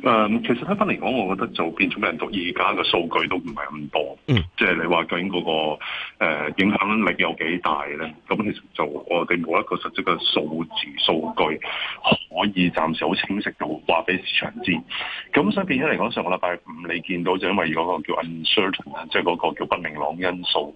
誒、嗯，其實睇翻嚟講，我覺得就變咗人讀而家嘅數據都唔係咁多，嗯，即係你話究竟嗰個誒、呃、影響力有幾大咧？咁其實就我哋冇一個實質嘅數字數據可以暫時好清晰就話俾市場知。咁所以變咗嚟講，上個禮拜五你見到就因為嗰個叫 uncertain，即係嗰個叫不明朗因素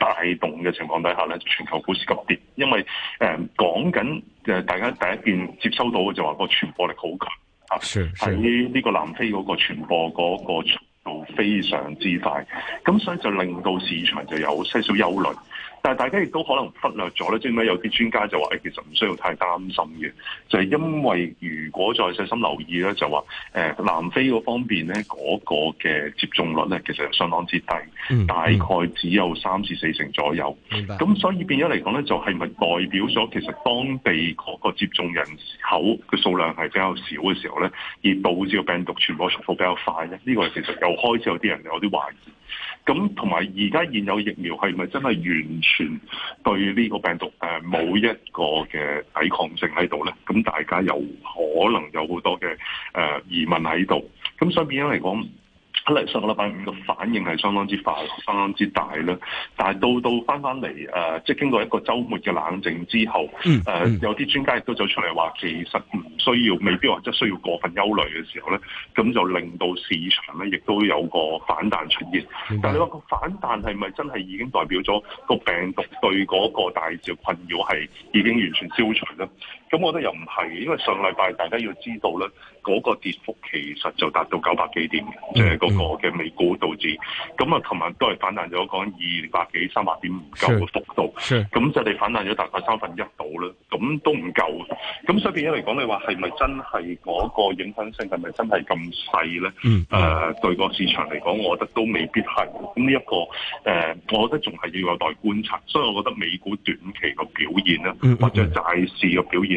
帶動嘅情況底下咧，全球股市急跌。因為誒講緊誒大家第一遍接收到嘅就話個傳播力好強。喺、sure, 呢、sure. 個南非嗰個傳播嗰個速度非常之快，咁所以就令到市場就有些少憂慮。但係大家亦都可能忽略咗咧，即係咩有啲專家就話、哎：，其實唔需要太擔心嘅，就係、是、因為如果再細心留意咧，就話誒、呃、南非嗰方面咧嗰、那個嘅接種率咧，其實相當之低，嗯嗯、大概只有三至四成左右。咁所以變咗嚟講咧，就係、是、咪代表咗其實當地嗰、那個接種人口嘅數量係比較少嘅時候咧，而導致個病毒傳播速度比較快咧？呢、這個其實又開始有啲人有啲懷疑。咁同埋而家現有疫苗係咪真係完全對呢個病毒誒冇一個嘅抵抗性喺度咧？咁大家有可能有好多嘅誒疑問喺度。咁所以變咗嚟講。嚟上個禮拜五嘅反應係相當之快，相當之大咧。但係到到翻翻嚟誒，即係經過一個週末嘅冷靜之後，誒、呃、有啲專家亦都走出嚟話，其實唔需要，未必話真需要過分憂慮嘅時候咧，咁就令到市場咧亦都有個反彈出現。但係你話個反彈係咪真係已經代表咗個病毒對嗰個大市困擾係已經完全消除咧？咁我覺得又唔係，因為上禮拜大家要知道咧，嗰、那個跌幅其實就達到九百幾點嘅，即係嗰個嘅美股導致。咁啊，琴日都係反彈咗講二百幾三百點唔夠嘅幅度，咁就你反彈咗大概三分一到啦。咁都唔夠。咁所以變咗嚟講，你話係咪真係嗰個影響性係咪真係咁細咧？誒、嗯呃，對個市場嚟講，我覺得都未必係。咁呢一個誒、呃，我覺得仲係要有待觀察。所以我覺得美股短期個表現咧、嗯，或者債市嘅表現。嗯嗯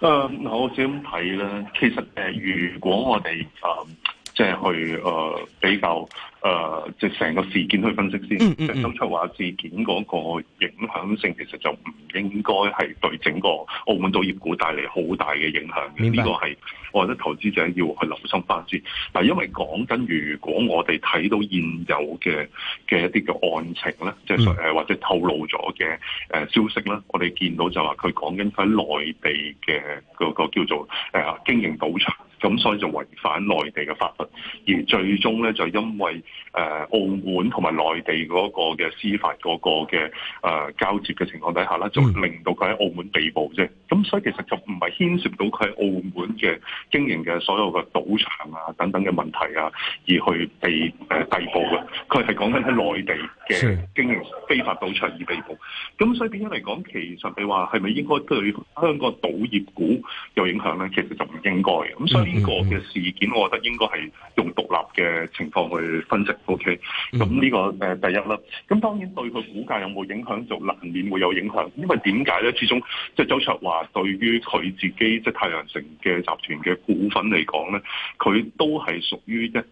好、嗯、我咁睇啦。其實誒、呃，如果我哋即係去誒、呃、比較誒、呃，即係成個事件去分析先，嗯嗯嗯、即係抽出話事件嗰個影響性，其實就唔應該係對整個澳門賭業股帶嚟好大嘅影響呢、呢個係我覺得投資者要去留心翻先。嗱，因為講緊，如果我哋睇到現有嘅嘅一啲嘅案情咧、嗯，即係或者透露咗嘅、呃、消息咧，我哋見到就話佢講緊佢喺內地嘅嗰個叫做誒、呃、經營賭場。咁所以就違反內地嘅法律，而最終咧就因為誒、呃、澳門同埋內地嗰個嘅司法嗰個嘅誒、呃、交接嘅情況底下咧，就令到佢喺澳門被捕啫。咁所以其實就唔係牽涉到佢喺澳門嘅經營嘅所有嘅賭場啊等等嘅問題啊，而去被誒、呃、逮捕嘅。佢係講緊喺內地嘅經營非法賭場而被捕。咁所以變咗嚟講，其實你話係咪應該對香港賭業股有影響咧？其實就唔應該嘅。咁所以。個、嗯、嘅、嗯、事件，我覺得應該係用獨立嘅情況去分析。O K. 咁呢個誒、呃、第一啦。咁當然對佢股價有冇影響，就難免會有影響。因為點解咧？始終即係周卓華對於佢自己即係太陽城嘅集團嘅股份嚟講咧，佢都係屬於一個誒、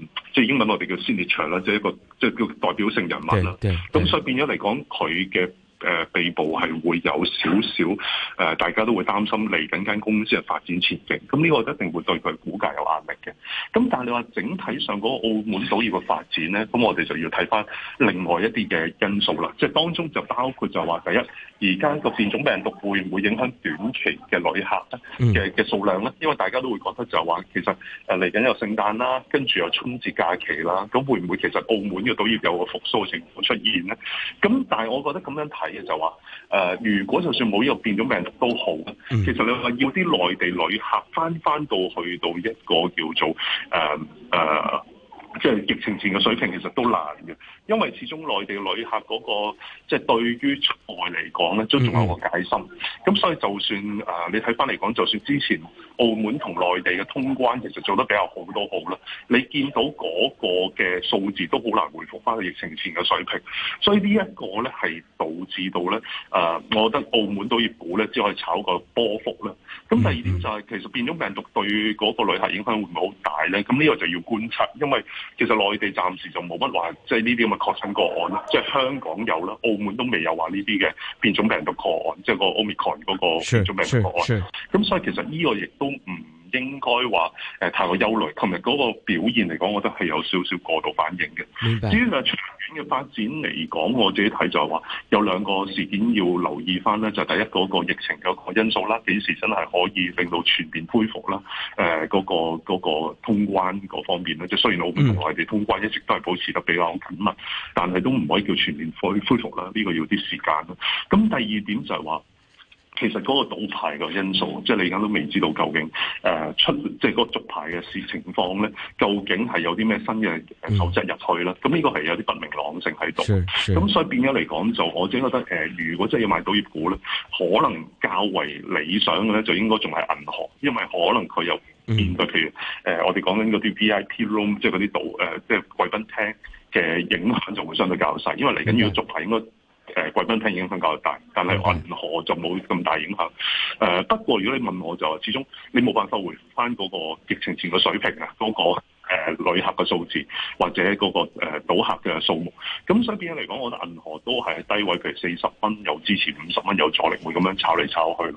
嗯，即係英文我哋叫 signature 啦，即係一個即係叫代表性人物啦。咁所以變咗嚟講，佢嘅。誒被捕係會有少少誒、呃，大家都會擔心嚟緊間公司嘅發展前景。咁呢個一定會對佢股價有壓力嘅。咁但係你話整體上嗰個澳門賭業嘅發展咧，咁我哋就要睇返另外一啲嘅因素啦。即係當中就包括就話第一，而家個變種病毒會唔會影響短期嘅旅客咧嘅嘅數量咧？因為大家都會覺得就話其實誒嚟緊有聖誕啦，跟住有春節假期啦，咁會唔會其實澳門嘅賭業有個復甦嘅情況出現咧？咁但係我覺得咁樣睇。就話呃、如果就算冇呢個變咗病毒都好，其實你話要啲內地旅客翻翻到去到一個叫做即、呃呃即係、疫情前嘅水平，其實都難嘅，因為始終內地旅客嗰、嗰個即、即係、對於出外嚟講咧，都仲有個戒心，咁所以就算、呃、你睇翻嚟講，就算之前。澳門同內地嘅通關其實做得比較好多好啦，你見到嗰個嘅數字都好難回復翻去疫情前嘅水平，所以呢一個咧係導致到咧，誒，我覺得澳門都要估咧，只可以炒個波幅啦。咁第二點就係其實變種病毒對嗰個旅客影響會唔會好大咧？咁呢個就要觀察，因為其實內地暫時就冇乜話即係呢啲咁嘅確診個案，即係香港有啦，澳門都未有話呢啲嘅變種病毒個案，即係個 Omicron 嗰個變種病毒個案。咁所以其實呢個亦都唔應該話、呃、太過憂慮，琴日嗰個表現嚟講，我覺得係有少少過度反應嘅。至於係長遠嘅發展嚟講，我自己睇就係話有兩個事件要留意翻咧，就係、第一個、嗰個疫情嗰個因素啦，幾時真係可以令到全面恢復啦？嗰、呃嗰個嗰、嗰個、通關嗰方面咧，即係雖然澳門同內地通關一直都係保持得比較緊密，嗯、但係都唔可以叫全面恢恢復啦，呢、呢個要啲時間。咁第二點就係話。其實嗰個賭牌個因素，嗯、即係你而家都未知道究竟誒、呃、出，即係嗰個續牌嘅事情況咧，究竟係有啲咩新嘅投資入去啦？咁呢個係有啲不明朗性喺度。咁所以變咗嚟講，就我自己覺得誒、呃，如果真係要買賭業股咧，可能較為理想嘅咧，就應該仲係銀行，因為可能佢又面變咗。譬、嗯、如誒、呃，我哋講緊嗰啲 VIP room，即係嗰啲賭、呃、即係貴賓廳嘅影響就會相對較細，因為嚟緊要續牌應該。誒、呃、貴賓廳影響較大，但係銀河就冇咁大影響。誒、呃、不過如果你問我就，始終你冇辦法回翻嗰個疫情前嘅水平啊，嗰、那個旅、呃呃呃呃呃呃、客嘅數字或者嗰個誒、呃、賭客嘅數目。咁所以變咗嚟講，我覺得銀河都係低位，譬如四十蚊有支持，五十蚊有助力，會咁樣炒嚟炒去。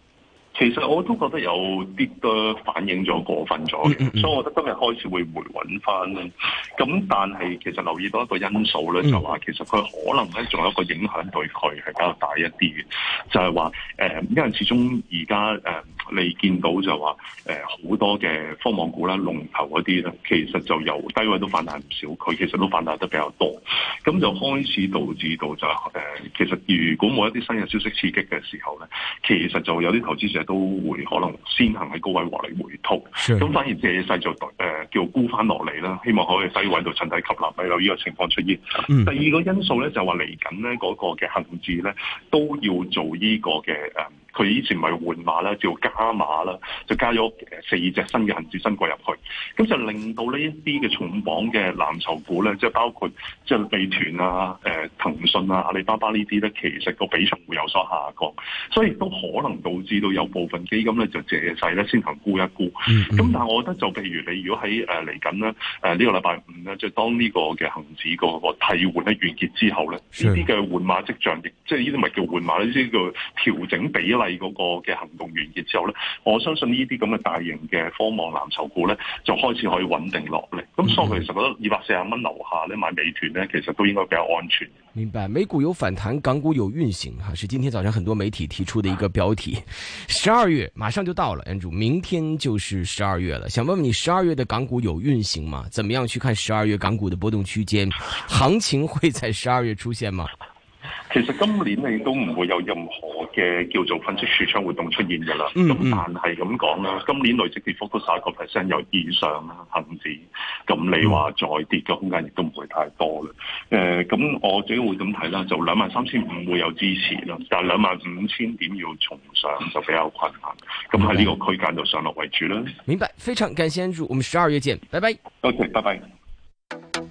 其實我都覺得有啲都反映咗過分咗嘅，所以我覺得今日開始會回穩翻啦。咁但係其實留意到一個因素咧，就話其實佢可能咧仲有一個影響對佢係比較大一啲嘅，就係話誒，因為始終而家你見到就話誒好多嘅科網股啦、龍頭嗰啲咧，其實就由低位都反彈唔少，佢其實都反彈得比較多，咁就開始導致到就誒、呃，其實如果冇一啲新嘅消息刺激嘅時候咧，其實就有啲投資者都會可能先行喺高位獲利回吐，咁反而借勢就誒、呃、叫沽翻落嚟啦，希望可以低位度趁低吸納咪有呢個情況出現。嗯、第二個因素咧就話嚟緊咧嗰個嘅恆指咧都要做呢個嘅佢以前咪換馬啦，叫加馬啦，就加咗四隻新嘅恒指新股入去，咁就令到呢一啲嘅重磅嘅藍籌股咧，即係包括即係美團啊、誒、呃、騰訊啊、阿里巴巴呢啲咧，其實個比重會有所下降，所以都可能導致到有部分基金咧就借勢咧先行沽一沽。咁、mm-hmm. 但係我覺得就譬如你如果喺誒嚟緊咧，誒、呃、呢、呃這個禮拜五咧，就係、當呢個嘅恒指個替換咧完結之後咧，呢啲嘅換馬跡象，亦即係呢啲咪叫換馬咧，呢啲叫調整比。那個嘅行動完結之後呢，我相信呢啲咁嘅大型嘅科網藍籌股呢，就開始可以穩定落嚟。咁所以我其實覺得二百四十蚊樓下呢買美團呢，其實都應該比較安全。明白，美股有反彈，港股有運行，吓，是今天早上很多媒體提出的一個標題。十二月馬上就到了，Andrew，明天就是十二月了。想問問你，十二月的港股有運行嗎？怎麼樣去看十二月港股的波動區間？行情會在十二月出現嗎？其實今年你都唔會有任何嘅叫做粉飾櫥窗活動出現噶啦。咁、嗯嗯、但係咁講啦，今年累積跌幅都十一個 percent 有以上甚至，咁你話再跌嘅空間亦都唔會太多啦。誒、呃，咁我自己會咁睇啦，就兩萬三千五會有支持啦，但兩萬五千點要重上就比較困難。咁喺呢個區間就上落為主啦。明白，非常感謝主持，我們十二月見，拜拜。多、okay，謝，拜拜。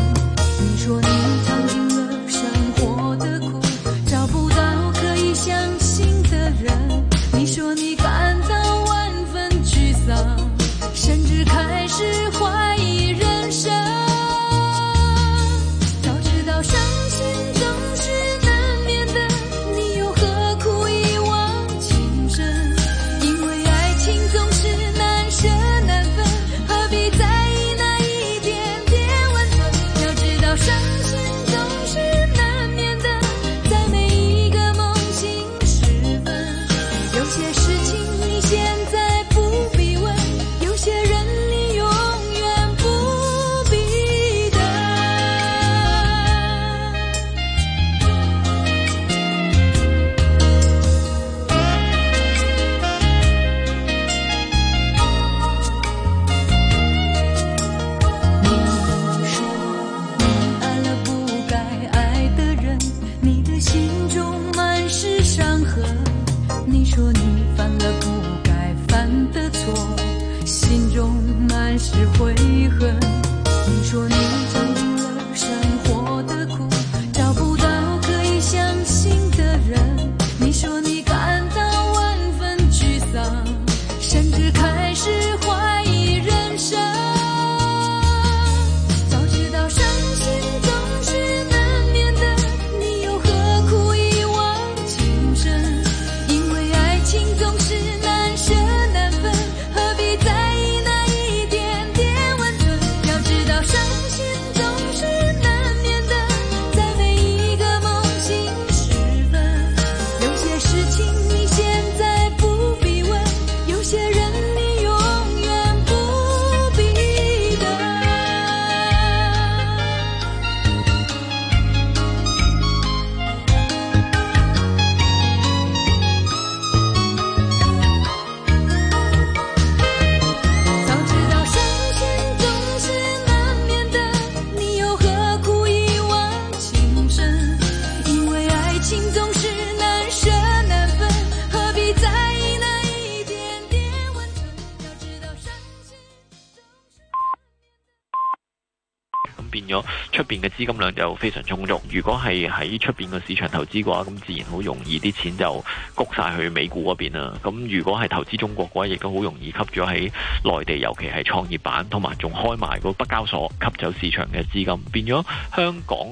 邊嘅資金量就非常充足，如果係喺出邊個市場投資嘅話，咁自然好容易啲錢就谷晒去美股嗰邊啦。咁如果係投資中國嘅話，亦都好容易吸咗喺內地，尤其係創業板，同埋仲開埋個北交所，吸走市場嘅資金，變咗香港。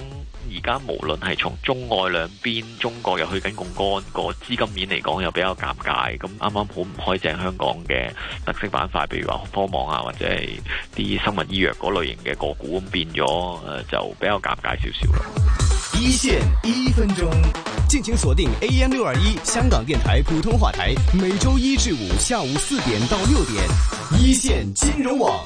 而家無論係從中外兩邊，中國又去緊槓桿個資金面嚟講又比較尷尬。咁啱啱好唔開正香港嘅特色板塊，譬如話科網啊，或者係啲生物醫藥嗰類型嘅個股咁變咗，誒就比較尷尬少少咯。一線一分鐘，敬請鎖定 AM 六二一香港電台普通話台，每周一至五下午四點到六點，一線金融網。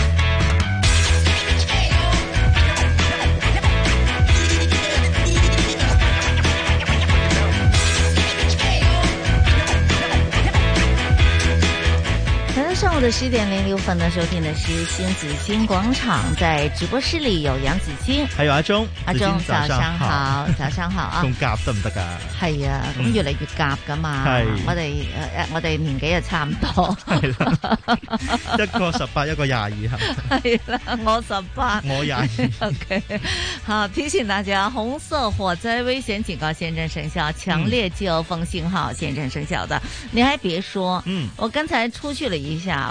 十點零六分呢，收聽的是新紫荊廣場，在直播室裏有楊子矜，還有阿中。阿中，早上好，早上好， 早上好啊。仲夾得唔得噶？係、hey, 啊，咁、嗯、越嚟越夾噶嘛。係，我哋誒誒，我哋年紀又差唔多。係啦， 一個十八，一個廿二，係。係啦，我十八，我廿二。 OK，好，提醒大家，紅色火災危險警告現正生效，強烈季候風信號現正生效的、嗯，你還別說，嗯，我剛才出去了一下。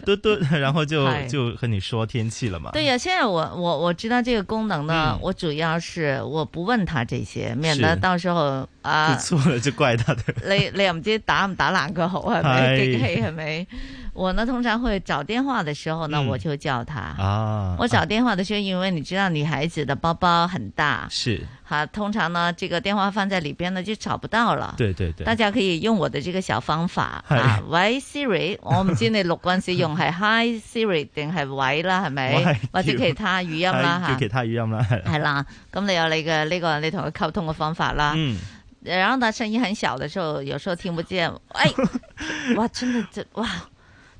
嘟嘟，然後就就和你說天氣了嘛？對呀、啊，現在我我我知道這個功能呢、嗯，我主要是我不問他這些，免得到時候啊，錯了就怪他的。 你你又唔知打唔打爛佢好啊，係咪？激氣，係咪？我呢，通常會找電話的時候呢、嗯，我就叫他。啊，我找電話的時候，啊、因為你知道女孩子的包包很大，是好、啊、通常呢，這個電話放在裡邊呢就找不到了。對，對對，大家可以用我的這個小方法啊。喂 ，Siri，我唔知你錄關係用係 Hi Siri 定係喂啦，係咪？喂、 啊，或者其他語音啦？哈、 啊，其他語音啦。係、 啊、 啦，咁你有你嘅呢個，你同佢溝通嘅方法啦。嗯，然後呢，聲音很小的時候，有時候聽不見。 哎，哇，真的，這 哇。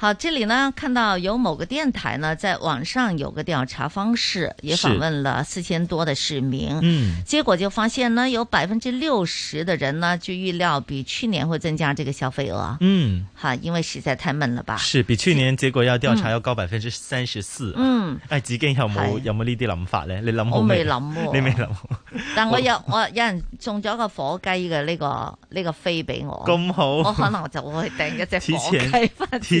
好，這裏呢看到有某個電台呢在網上有個調查方式，也訪問了四千多的市民，嗯，結果就發現呢有百分之六十的人呢就預料比去年會增加這個消費額，嗯，吓，因為實在太悶了吧，是比去年結果要調查要高百分之三十四，嗯，哎、嗯，子、啊、矜有冇有冇呢啲諗法咧？你諗好未？我未諗，你未諗？但我有 我有人送咗個火雞嘅呢個呢、這個這個這個飛俾我，咁好，我可能就我去訂一隻火雞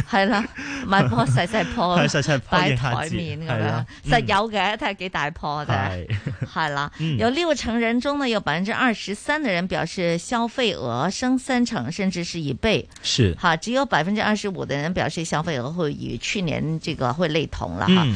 係啦，買波細細波，細細波擺台面咁樣，實、 嗯、有嘅睇下幾大波啫。係啦，有六成人中呢，有百分之二十三嘅人表示消費額升三成，甚至是一倍。是，好，只有百分之二十五嘅人表示消費額會與去年這個會類同啦。哈、嗯。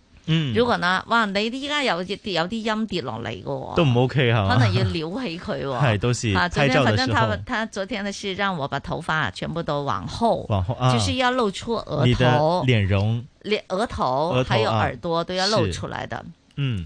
嗯、如果呢，哇！你依家有跌有啲音跌落嚟嘅，都唔 OK 嚇、啊，可能要撩起佢、哦。係都係。啊，昨天反正他他昨天的是讓我把頭髮全部都往後，往後啊、就是要露出額頭、臉容、臉、額頭還有耳朵都要露出來的。啊、嗯。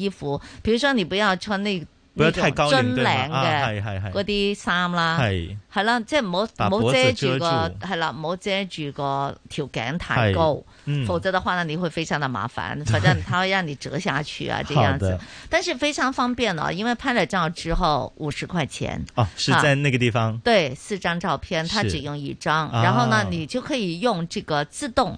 衣服，比如說你不要穿呢嗰啲樽領嘅嗰啲衫啦，係啦，即係唔好唔好遮住個，係啦，唔好遮住個條頸太高，嗯，否則的話呢，你會非常的麻煩，反正它會讓你折下去啊，這樣子。但是非常方便啊，因為拍了照之後五十塊錢，哦，是在那個地方，啊，對，四張照片，它只用一張，然後呢，啊，你就可以用這個自動。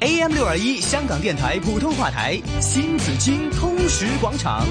AM 六二一香港電台普通話台，新紫荊通識廣場。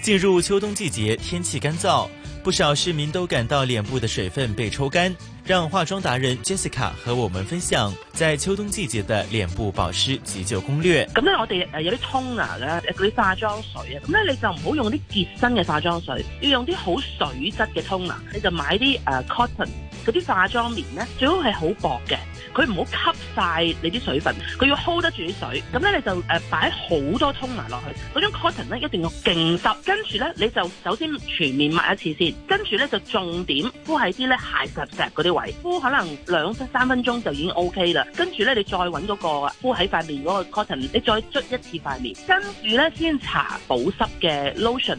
進入秋冬季節，天氣乾燥，不少市民都感到臉部的水分被抽乾。讓化妝達人 Jessica 和我們分享在秋冬季節的臉部保濕急救攻略。咁咧，我哋誒有啲 Toner 咧，誒嗰啲化妝水啊，咁咧你就唔好用啲稠身嘅化妝水，要用啲好水質嘅 Toner，你就買啲誒 cotton。嗰啲化妝棉咧，最好係好薄嘅，佢唔好吸晒你啲水分，佢要 hold 得住啲水。咁咧你就誒擺好多 toner 落去，嗰種 cotton 咧，一定要勁濕。跟住咧你就首先全面抹一次先，跟住咧就重點敷喺啲咧鞋石石嗰啲位，敷可能兩分三分鐘就已經 OK 啦。跟住咧你再揾嗰個敷喺塊面嗰個 cotton，你再捽一次塊面，跟住咧先搽保濕嘅 lotion。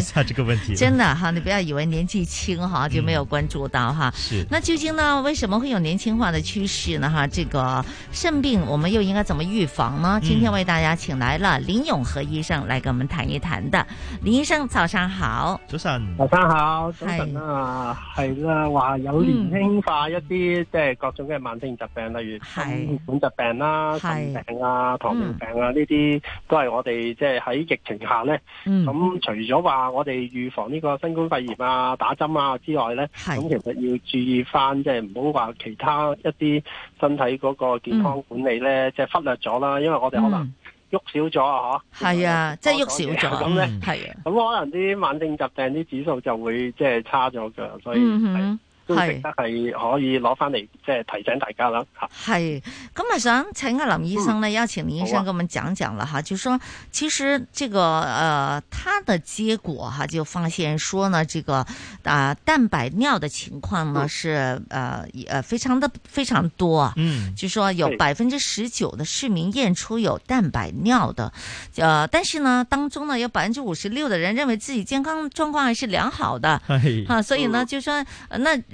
下這個問題真的哈，你不要以為年紀輕哈就沒有關注到哈。是。那究竟呢，為什麼會有年輕化的趨勢呢？哈，這個腎病我們又應該怎麼預防呢？今天為大家請來了林永和醫生來跟我們談一談的。林醫生早早，早上好。早晨，早上好。早晨啊，係啦，話有年輕化一啲，即、嗯、係各種嘅慢性疾病，例如心血管疾病啦、腎病啊、糖尿病啊呢啲，都係我哋即係喺疫情下呢咁、嗯、除咗話。啊、我哋預防呢個新冠肺炎啊、打針啊之外咧，咁、啊、其實要注意翻，即係唔好話其他一啲身體嗰個健康管理咧，即、嗯、係、即係、忽略咗啦。因為我哋可能喐少咗啊，嗬。係啊，即係喐少咗。咁咧，係啊。咁、啊啊、可能啲慢性疾病啲指數就會即係、即係、差咗嘅，所以。嗯都值得係可以攞翻嚟，即係提醒大家啦，係咁啊，想請阿林醫生呢，邀、嗯、請林醫生跟我們講講啦，吓、啊。就說其實這個，呃，它的結果哈，就發現說呢，這個啊、呃，蛋白尿的情況呢、嗯，是，呃，呃，非常的非常多。嗯，就說有百分之十九的市民驗出有蛋白尿的，呃，但是呢，當中呢，有百分之五十六的人認為自己健康狀況還是良好的。哈、啊，所以呢，哦、就說、呃、那。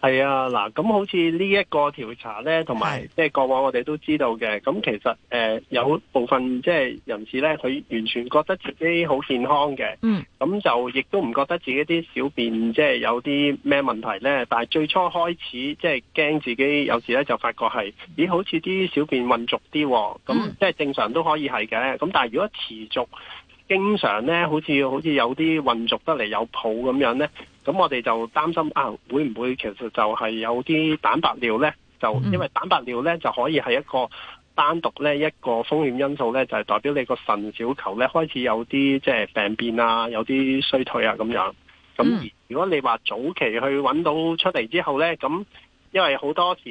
係啊，嗱，咁好似呢一個調查咧，同埋即係過往我哋都知道嘅，咁其實誒、呃、有部分即係人士咧，佢完全覺得自己好健康嘅，嗯，咁就亦都唔覺得自己啲小便即係有啲咩問題咧，但係最初開始即係驚自己有時咧就發覺係，咦，好似啲小便混濁啲喎，咁即係正常都可以係嘅，咁但係如果持續。經常咧，好似好似有啲混濁得嚟有泡咁樣咧，咁我哋就擔心啊，會唔會其實就係有啲蛋白尿咧？就因為蛋白尿咧就可以係一個單獨咧一個風險因素咧，就係、是、代表你個腎小球咧開始有啲即係病變啊，有啲衰退啊咁樣。咁如果你話早期去揾到出嚟之後咧，咁。因為好多時，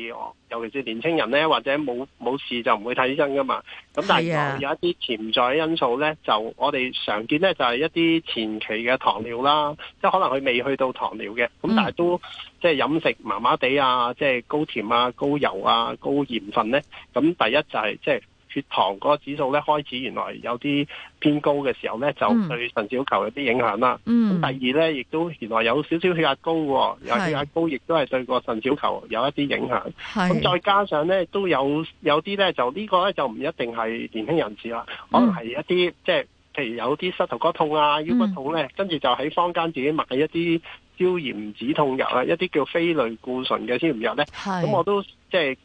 尤其是年青人咧，或者冇冇事就唔會睇醫生㗎嘛。咁但係有一啲潛在因素咧、啊，就我哋常見咧就係、是、一啲前期嘅糖尿啦，即係可能佢未去到糖尿嘅。咁、嗯、但係都即係飲食麻麻地啊，即、就、係、是、高甜啊、高油啊、高鹽分咧。咁第一就係即係。就是血糖嗰個指數咧，開始原來有啲偏高嘅時候咧，就對腎小球有啲影響啦。咁、嗯、第二咧，亦都原來有少少血壓高、哦，有血壓高亦都係對個腎小球有一啲影響。咁再加上咧，都有有啲咧，就呢、呢個咧就唔一定係年輕人士啦、嗯，可能係一啲即係譬如有啲膝頭骨痛啊、腰骨痛咧，跟、嗯、住就喺坊間自己買一啲消炎止痛藥啊，一啲叫非類固醇嘅消炎藥咧。咁我都即係。就是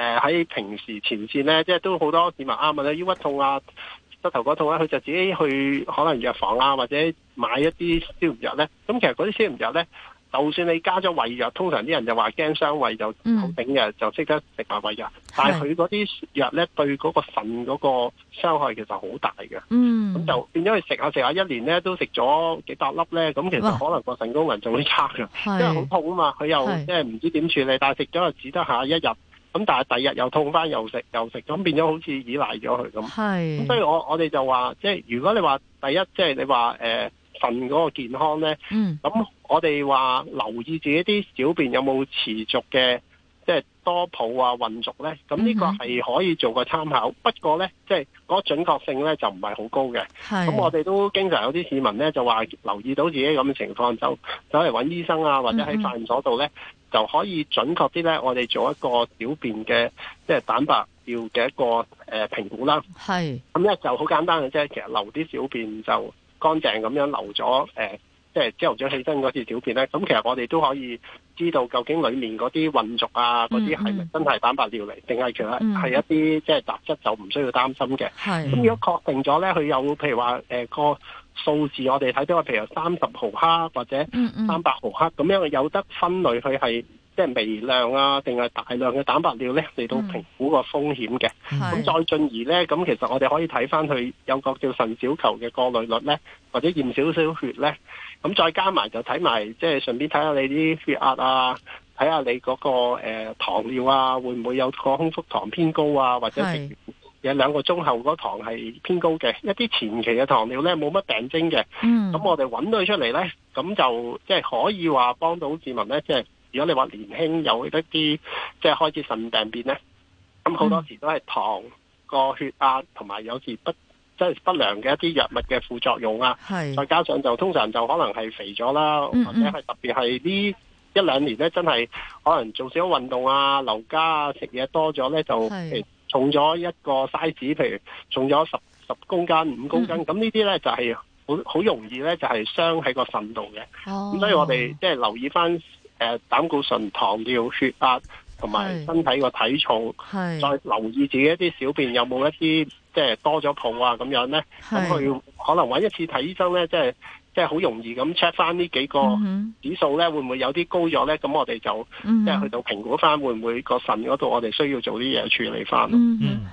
誒喺平時前線咧，即係都好多市民啊，或者腰骨痛啊、膝頭哥痛啊，佢就自己去可能藥房啊，或者買一啲消炎藥咧。咁其實嗰啲消炎藥咧，就算你加咗胃藥，通常啲人就話驚傷胃就好頂嘅、嗯，就識得食埋胃藥。但係佢嗰啲藥咧，對嗰個腎嗰個傷害其實好大嘅。咁、嗯、就變咗佢食下食下，一年咧都食咗幾百粒咧。咁其實可能個腎功能就會差嘅，因為好痛啊嘛，佢又即係唔知點處理，但係食咗又只得下一日。咁但係第二日又痛翻，又食又食，咁變咗好似依賴咗佢咁。係，咁所以我我哋就話，即係如果你話第一，即係你話誒，呃，腎嗰個健康咧，嗯，咁我哋話留意自己啲小便有冇持續嘅。即係多泡啊，混濁咧，咁呢個係可以做個參考、嗯，不過咧，即係嗰準確性咧就唔係好高嘅。咁我哋都經常有啲市民咧就話留意到自己咁嘅情況就、嗯、走嚟揾醫生啊，或者喺化驗所度咧、嗯、就可以準確啲咧，我哋做一個小便嘅即係蛋白尿嘅一個誒、呃、評估啦。係咁咧就好簡單嘅啫，其實留啲小便就乾淨咁樣留咗誒。呃即係朝頭早起身嗰次小便咧，咁其實我哋都可以知道究竟裏面嗰啲混濁啊，嗰啲係咪真係蛋白尿嚟，定係其實係一啲即係雜質就唔需要擔心嘅。係咁，如果確定咗咧，佢有譬如話、呃、個數字我，我哋睇到譬如三十毫克或者三百毫克咁、嗯嗯、樣，有得分類佢係。即係微量啊，定係大量嘅蛋白尿咧嚟到評估個風險嘅。咁、嗯、再進而咧，咁其實我哋可以睇翻佢有個叫腎小球嘅過濾率咧，或者驗少少血咧。咁再加埋就睇埋，即係順便睇下你啲血壓啊，睇下你嗰、嗰個誒、呃、糖尿啊，會唔會有個空腹糖偏高啊，或者有兩個鐘後嗰糖係偏高嘅？一啲前期嘅糖尿咧冇乜病徵嘅。咁、嗯、我哋揾到佢出嚟咧，咁就即係可以話幫到市民咧，即係。如果你話年輕有一啲，即、就、係、是、開始腎病變咧，咁好多時都係糖個、嗯、血壓，同埋有時不即係、就是、不良嘅一啲藥物嘅副作用啊。再加上就通常就可能係肥咗啦、嗯，或者係特別係呢一兩年咧，真係可能做少咗運動啊、留家啊、食嘢多咗咧，就重咗一個 size，譬如重咗十十公斤、五公斤。咁、嗯、呢啲咧就係好好容易咧，就係傷喺個腎度嘅。咁所以我哋即係留意返。誒、呃，膽固醇、糖尿、血壓同埋身體個體重，係再留意自己一啲小便有冇一啲即係多咗泡啊咁樣咧，咁佢可能搵一次睇醫生咧，即係即係好容易咁 check 翻呢幾個指數咧、嗯，會唔會有啲高咗咧？咁我哋就即係、嗯、去到評估翻會唔會個腎嗰度，我哋需要做啲嘢處理翻咯。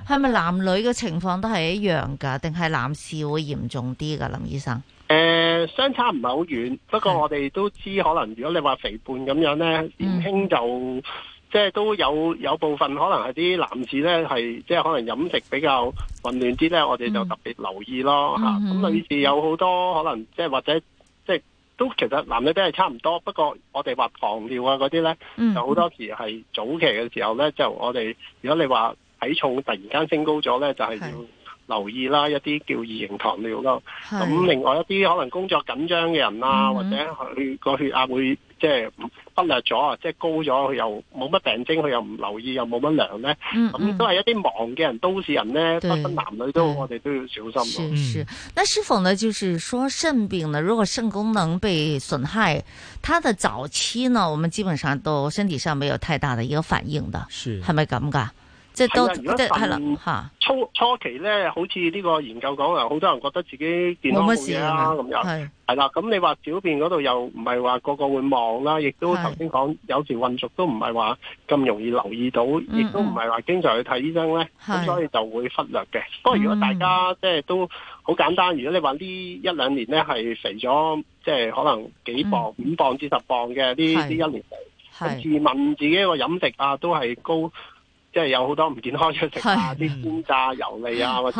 係、嗯、咪男女嘅情況都係一樣噶？定係男士會嚴重啲噶？林醫生？誒、呃，相差唔係好遠，不過我哋都知可能，如果你話肥胖咁樣呢，年輕就、嗯、即係都有有部分可能係啲男士呢，係即係可能飲食比較混亂啲呢，我哋就特別留意咯吓。咁女士有好多可能，即係或者即係都其實男女都係差唔多。不過我哋話糖尿啊嗰啲呢，嗯嗯就好多時係早期嘅時候呢，就我哋如果你話體重突然間升高咗呢，就係、是、要。留意啦，一啲叫二型糖尿咯。咁另外一啲可能工作緊張嘅人啊、嗯，或者佢個血壓會即係忽略咗，即係高咗，佢又冇乜病徵，佢又唔留意，又冇乜量咧。咁、嗯、都係一啲忙嘅人、嗯，都市人咧，不分男女都，我哋都要小心。是是，那是否呢？就是說腎病呢？如果腎功能被損害，它的早期呢，我們基本上都身體上沒有太大的一個反應的，是，係咪咁㗎？即係、啊、如果發現初初期咧，好似呢個研究講話，好多人覺得自己健康冇嘢啦。咁、啊、樣係啦。咁、啊、你話小便嗰度又唔係話個個會望啦，亦都頭先講有時混濁都唔係話咁容易留意到，亦、嗯、都唔係話經常去睇醫生咧，咁、嗯、所以就會忽略嘅、嗯。不過如果大家即係、就是、都好簡單，如果你話呢一兩年咧係肥咗，即、就、係、是、可能幾磅、五、嗯、磅至十磅嘅呢呢一年嚟，咁自問自己個飲食啊都係高。即係有好多唔健康嘅食物啊，啲煎炸、油膩啊，或者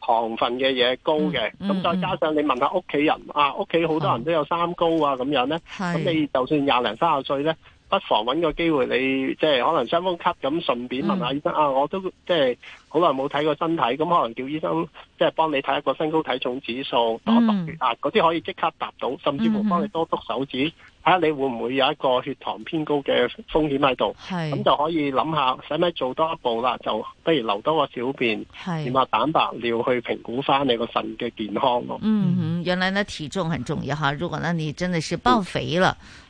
糖分嘅嘢高嘅，咁、嗯、再加上你問下屋企人啊，屋企好多人都有三高啊咁樣咧，咁你就算廿零三十歲咧。不妨揾個機會，你即係可能雙方 cut 咁，順便問下醫生啊，我都即係好耐冇睇過身體，咁可能叫醫生即係幫你睇一個身高體重指數，啊、嗯，血壓嗰啲可以即刻達到，甚至乎幫你多篤手指，睇、嗯、下你會唔會有一個血糖偏高嘅風險喺度，咁就可以諗下使咪做多一步啦，就不如留多個小便，檢下蛋白尿去評估翻你個腎嘅健康。嗯，原來呢體重很重要，如果呢你真的是爆肥了。嗯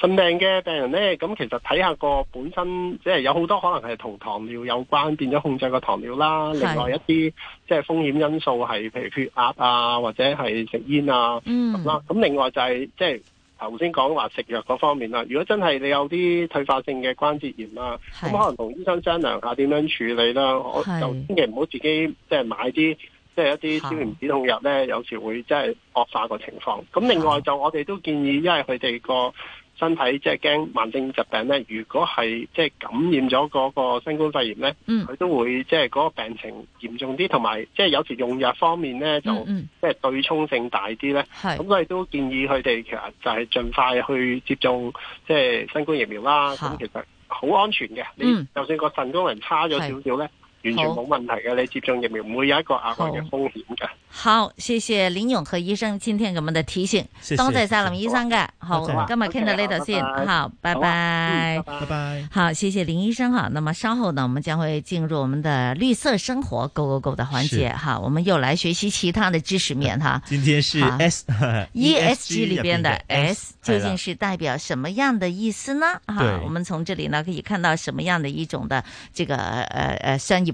腎病嘅病人咧，咁其實睇下個本身，即係有好多可能係同糖尿有關，變咗控制個糖尿啦。另外一啲即係風險因素係，譬如血壓啊，或者係食煙啊，嗯，咁啦。咁另外就係即係頭先講話食藥嗰方面啦。如果真係你有啲退化性嘅關節炎啊，咁可能同醫生商量下點樣處理啦。我就千祈唔好自己即係買啲。即係一啲消炎止痛藥咧，有時會即係惡化個情況。咁另外就我哋都建議，因為佢哋個身體即係驚慢性疾病咧，如果係即係感染咗嗰個新冠肺炎咧，佢、嗯、都會即係嗰個病情嚴重啲，同埋即係有時用藥方面咧就即係對沖性大啲咧。咁我亦都建議佢哋其實就係儘快去接種即係新冠疫苗啦。咁其實好安全嘅，嗯、你就算個腎功能差咗少少咧。完全冇問題嘅，你接種疫苗唔會有一個額外嘅風險嘅。好，謝謝林永和醫生今天給我們的提醒，多謝晒林醫生嘅。好，謝謝我今日見到呢度先好，好，拜拜，拜，拜、啊嗯，拜拜。好，謝謝林醫生。好，那麼稍後呢，我們將會進入我們的綠色生活 Go Go Go 的環節。哈，我們又來學習其他嘅知識面。哈，今天是 e S E S G 裏邊的 S，究竟是代表什麼樣的意思呢？哈，我們從這裡呢可以看到什麼樣的一種的這個呃呃雙語。生意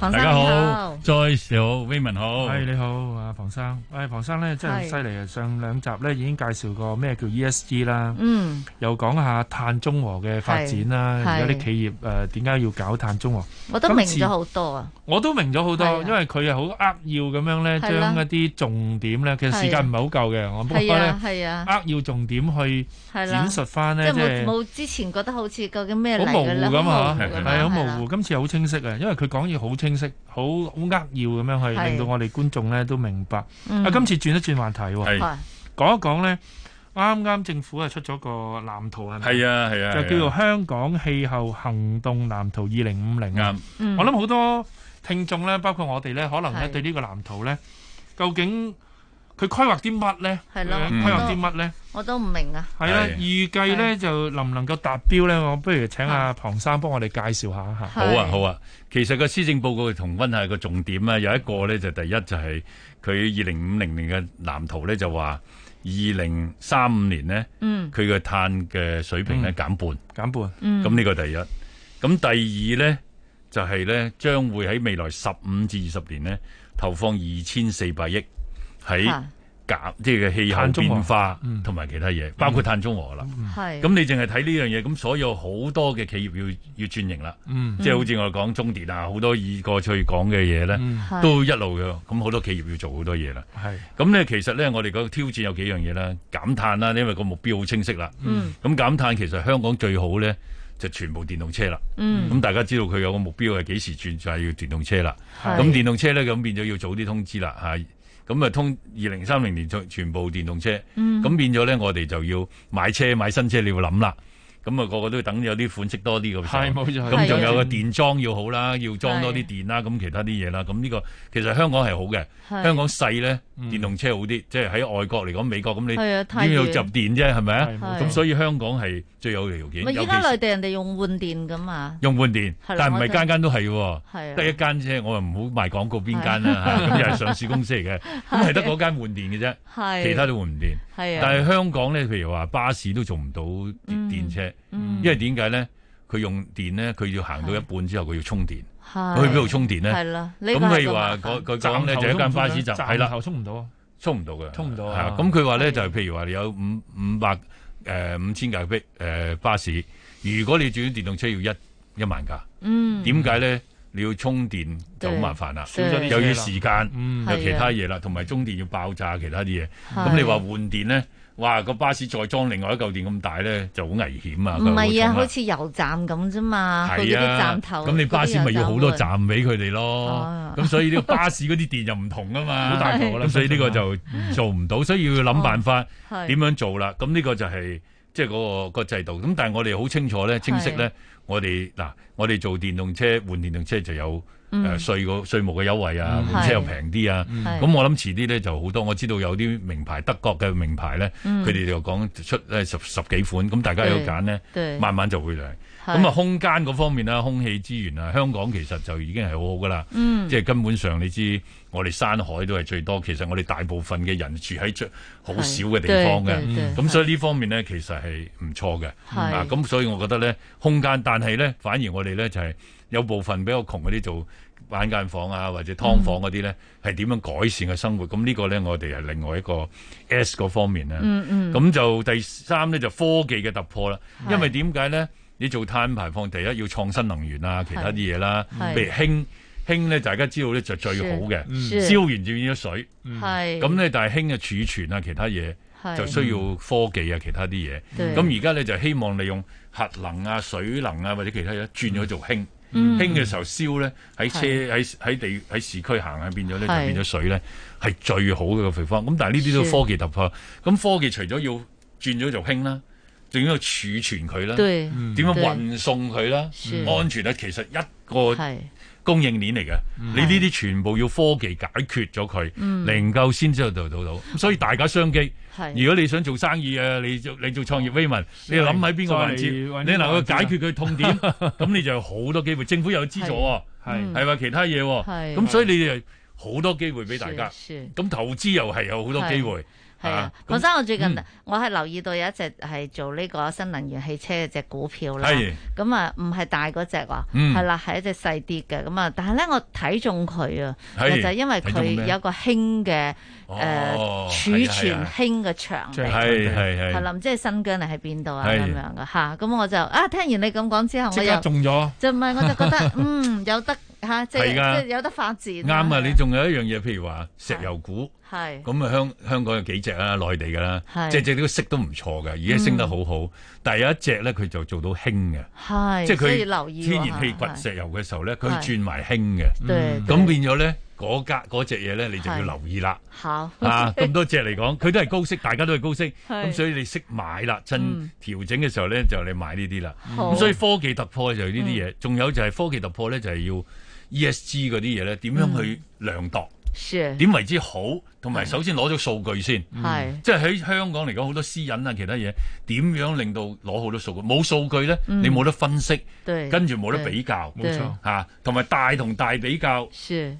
大家好再 o y 好偉文好，係你好，阿、hey，龐生，誒，龐生咧真係犀利啊！上兩集咧已經介紹過咩叫 ESG 啦，嗯，又講下碳中和嘅發展啦，而家啲企業誒點解要搞碳中和，我都明咗好多啊，我都明咗好多、啊，因為佢啊好扼要咁樣咧，將一啲重點咧，其實時間唔係好夠嘅，我、啊、不過咧扼、啊、要重點去、啊、展述翻咧，即係冇之前覺得好似究竟咩好模糊咁啊，係好模糊、啊啊啊啊，今次好清晰啊，因為佢講嘢好清晰。正式好好扼要咁樣去令到我哋觀眾咧都明白、嗯。啊，今次轉一轉話題、哦，講一講呢啱啱政府係出咗個藍圖係咪？係啊係啊，就叫做《香港氣候行動藍圖二零五零》啊。嗯、我諗好多聽眾咧，包括我哋呢，可能咧對呢個藍圖呢，究竟？佢規劃啲乜咧？規劃啲乜咧？我都唔明啊！係啦，預計咧就能唔能夠達標咧？我不如請阿、啊、龐生幫我哋介紹一下，一下好啊，好啊！其實個施政報告同温下個重點啊，有一個咧就是、第一就係佢二零五零年嘅藍圖咧，就話二零三五年咧，嗯，佢嘅碳嘅水平咧減半，減半，咁、嗯、呢、嗯、個第一。咁第二咧就係、是、咧將會喺未來十五至二十年咧投放二千四百億。睇減即係嘅氣候變化同埋其他嘢，包括碳中和啦。咁你淨係睇呢樣嘢，咁、嗯嗯嗯嗯、所有好多嘅企業要要轉型啦、嗯。即係好似我哋講中電啊，好多以過去講嘅嘢呢，都一路嘅。咁、嗯、好多企業要做好多嘢啦。咁呢、嗯嗯，其實呢，我哋個挑戰有幾樣嘢啦，減碳啦，因為個目標好清晰啦。咁減碳其實香港最好呢，就全部電動車啦。咁、嗯嗯嗯、大家知道佢有個目標係幾時轉就係要電動車啦。咁、嗯、電動車呢，咁變咗要早啲通知啦嚇。啊。咁啊，通二零三零年全部電動車，咁、嗯、變咗咧，我哋就要買車買新車，你要諗啦。咁啊，個個都要等有啲款式多啲咁。咁仲有個電裝要好啦，要裝多啲電啦，咁其他啲嘢啦。咁呢、呢個其實香港係好嘅，香港細咧。嗯、電動車好啲，即係喺外國嚟講，美國咁你都要集電啫，係咪啊？咁所以香港係最有條件。咪依家內地人哋用換電㗎嘛？用換電，但唔係間間都係喎。得一間車，我又唔好賣廣告，邊間啦？咁、啊、又係上市公司嚟嘅，咁係得嗰間換電嘅啫，其他都換唔電。但係香港咧，譬如話巴士都做唔到電，嗯、電車，嗯、因為點解咧？佢用電咧，佢要行到一半之後，佢要充電。佢去邊度充電咧？咁譬如話，個佢講咧，就一間巴士站。係啦，充唔到啊，充唔到嘅。充唔到啊！咁佢話咧，就係譬如話你有五五百誒、呃、五千架車、呃、巴士，如果你轉電動車要一一萬架。嗯。點解咧？你要充電就好麻煩啦，又要時間，又其他嘢啦，同埋充電要爆炸其他啲嘢。咁你話換電咧？哇！個巴士再裝另外一嚿電咁大咧，就好危險啊！唔係啊，好似、啊、油站咁啫嘛，嗰呀、啊，站頭咁，你巴士咪要好多站俾佢哋咯？咁、啊啊、所以呢個巴士嗰 啲電就唔同啊嘛，好大啦。咁所以呢個就做唔到， 所以要諗辦法點樣做啦？咁呢個就係即係嗰個個制度。咁但係我哋好清楚咧，清晰咧，我哋嗱，我哋做電動車換電動車就有。誒、嗯，稅個稅務嘅優惠啊，換、嗯、車又平啲啊，咁、嗯、我諗遲啲咧就好多。我知道有啲名牌德國嘅名牌咧，佢、嗯、哋就講出誒十十幾款，咁、嗯、大家有揀咧，慢慢就會嚟。咁啊，空間嗰方面啦，空氣資源啊，香港其實就已經係好好噶啦。即、嗯、係、就是、根本上你知，我哋山海都係最多。其實我哋大部分嘅人住喺好少嘅地方嘅，咁、嗯、所以呢方面咧，其實係唔錯嘅。啊，咁所以我覺得咧，空間但係咧，反而我哋咧就係、是。有部分比較窮嗰啲做板間房啊，或者湯房嗰啲咧，係點樣改善嘅生活？咁、嗯、呢個咧，我哋係另外一個 S 嗰方面啦。嗯嗯。咁就第三咧就科技嘅突破啦。因為點解咧？你做碳排放，第一要創新能源啊，其他啲嘢啦。譬如氫，氫咧大家知道咧就最好嘅，燒完就變咗水。係。咁、嗯、咧，嗯、但係氫嘅儲存啊，其他嘢就需要科技啊，其他啲嘢。係。咁而家咧就希望利用核能啊、水能啊或者其他嘢轉咗做氫。嗯嗯。嗯、氫嘅時候燒咧，喺車喺喺地喺市區行啊，變咗咧就變咗水咧，係最好嘅個配方。咁但係呢啲都科技突破。咁科技除咗要轉咗做氫啦，仲要儲存佢啦，點樣運送佢啦，安全咧、啊，其實一個。供應鏈嚟嘅，你呢啲全部要科技解決咗佢，嗯、能夠先至做到到，所以大家商機。如果你想做生意啊，你做你做創業 vision 你諗喺邊個環節？你能夠解決佢痛點，咁 你就有好多機會。政府有資助，係係話其他嘢，咁所以你哋好多機會俾大家。咁投資又係有好多機會。係啊，龐、啊嗯、生，我最近我係留意到有一隻係做呢個新能源汽車嘅隻股票啦。咁啊，唔係大嗰隻話，係、嗯、啦，係一隻細啲嘅，咁啊，但係咧我睇中佢啊，就因為佢有一個輕嘅誒儲存輕嘅場地，係係係，係林即係新疆定係邊度啊咁樣噶吓，咁、啊、我就啊聽完你咁講之後，我中咗，就唔係我就覺得 嗯有得。係、啊、噶，即是是啊、即是有得發展啱啊，啊，啊！你仲有一樣嘢，譬如話石油股，咁啊香香港有幾隻啊，內地噶啦，隻隻都息都唔錯嘅，而家升得好好。嗯、但係有一隻咧，佢就做到輕嘅，即係佢天然氣掘石油嘅時候咧，佢轉埋輕嘅，咁、嗯、變咗咧嗰隻隻嘢咧，你就要留意啦。好咁、啊、多隻嚟講，佢 都係高息，大家都係高息，咁所以你識買啦、嗯。趁調整嘅時候咧，就你買呢啲啦。咁所以科技突破就係呢啲嘢，仲、嗯、有就係科技突破咧，就係、是、要。E.S.G. 嗰啲嘢咧，點樣去量度？點、嗯、為之好？同埋首先攞咗數據先，嗯、是即係喺香港嚟講，好多私隱啊，其他嘢點樣令到攞好多數據？冇數據咧、嗯，你冇得分析，對跟住冇得比較，冇錯嚇。同、啊、埋大同大比較，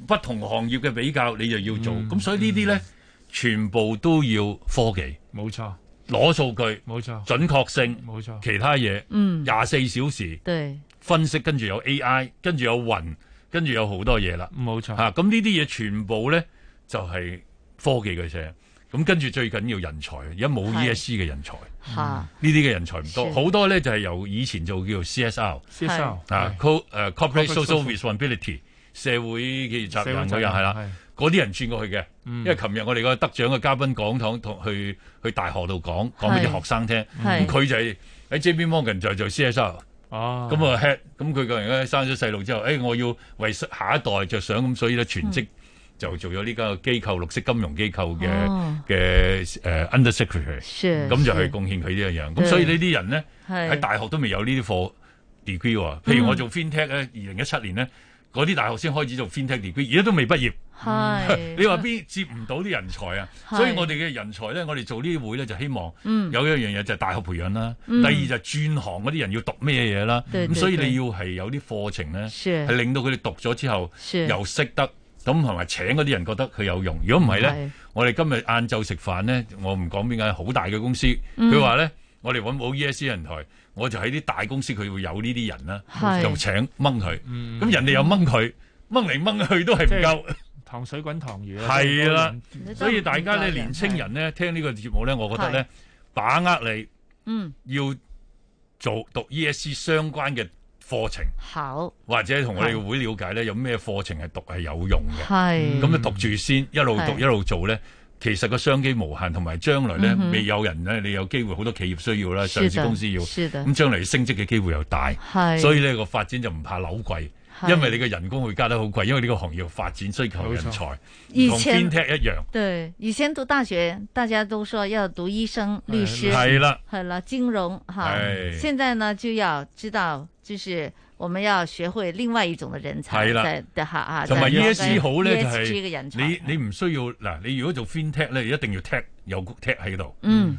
不同行業嘅比較，你就要做。咁、嗯、所以這些呢啲咧、嗯，全部都要科技，冇錯攞數據，冇錯準確性，冇錯其他嘢，嗯，廿四小時對分析，跟住有 A.I.，跟住有雲。跟住有好多嘢啦，冇錯嚇，咁呢啲嘢全部咧就係、是、科技嘅啫。咁、嗯、跟住最緊要人才，而家冇 E.S.G. 嘅人才，呢啲嘅人才唔多，好多咧就係、是、由以前做叫做 C.S.R.，C.S.R. c CSR、啊、o Co-、uh, r p o r a t e social responsibility 社會嘅責任嗰樣係啦，嗰啲人轉過去嘅、嗯，因為琴日我哋個得獎嘅嘉賓講堂同去去大學度講講俾啲學生聽，佢、嗯嗯嗯、就係喺 J.P.Morgan 就做 C.S.R. 哦，咁啊 head 咁佢個人咧生咗細路之後，誒、哎，我要為下一代着想，咁所以咧全職就做咗呢間機構綠色金融機構嘅嘅誒 undersecretary，咁就去貢獻佢呢樣。咁所以呢啲人咧喺大學都未有呢啲課 degree 啊，譬如我做 fintech 咧，二零一七年咧。嗯嗰啲大學先開始做 fintech degree，而家都未畢業。 你話邊接唔到啲人才啊？所以我哋嘅人才咧，我哋做呢啲會咧就希望、嗯，有一樣嘢就係大學培養啦。嗯、第二就轉行嗰啲人要讀咩嘢啦？咁所以你要係有啲課程咧，係令到佢哋讀咗之後又識得。咁同埋請嗰啲人覺得佢有用。如果唔係咧，我哋今日晏晝食飯咧，我唔講邊間好大嘅公司，佢話咧，我哋揾冇 ESG 人才。我就喺啲大公司，佢會有呢啲人啦，就請掹佢。咁、嗯、人哋又掹佢，掹嚟掹去都係唔夠，是糖水滾糖魚。係 啦，所以大家咧，年青人咧，聽呢個節目咧，我覺得咧，把握你嗯，要做讀 E S G 相關嘅課程，考或者同我哋會了解咧，有咩課程係讀係有用嘅。係咁、嗯、就讀住先，一路讀一路做咧。其實個商機無限，同埋將來咧、嗯、未有人咧，你有機會好多企業需要啦，上市公司要，咁將來升職嘅機會又大，所以呢個發展就唔怕樓貴，因為你個人工會加得好貴，因為呢個行業發展需求人才，同天踢一樣以前。對，以前讀大學大家都說要讀醫生、是律師，係啦，好啦金融，哈，現在呢就要知道，就是。我們要學會另外一種嘅人才係啦，同埋 ESG 好咧就係你是你唔需要嗱，你如果做 fintech 呢，咧一定要 tech 有 tech 喺度，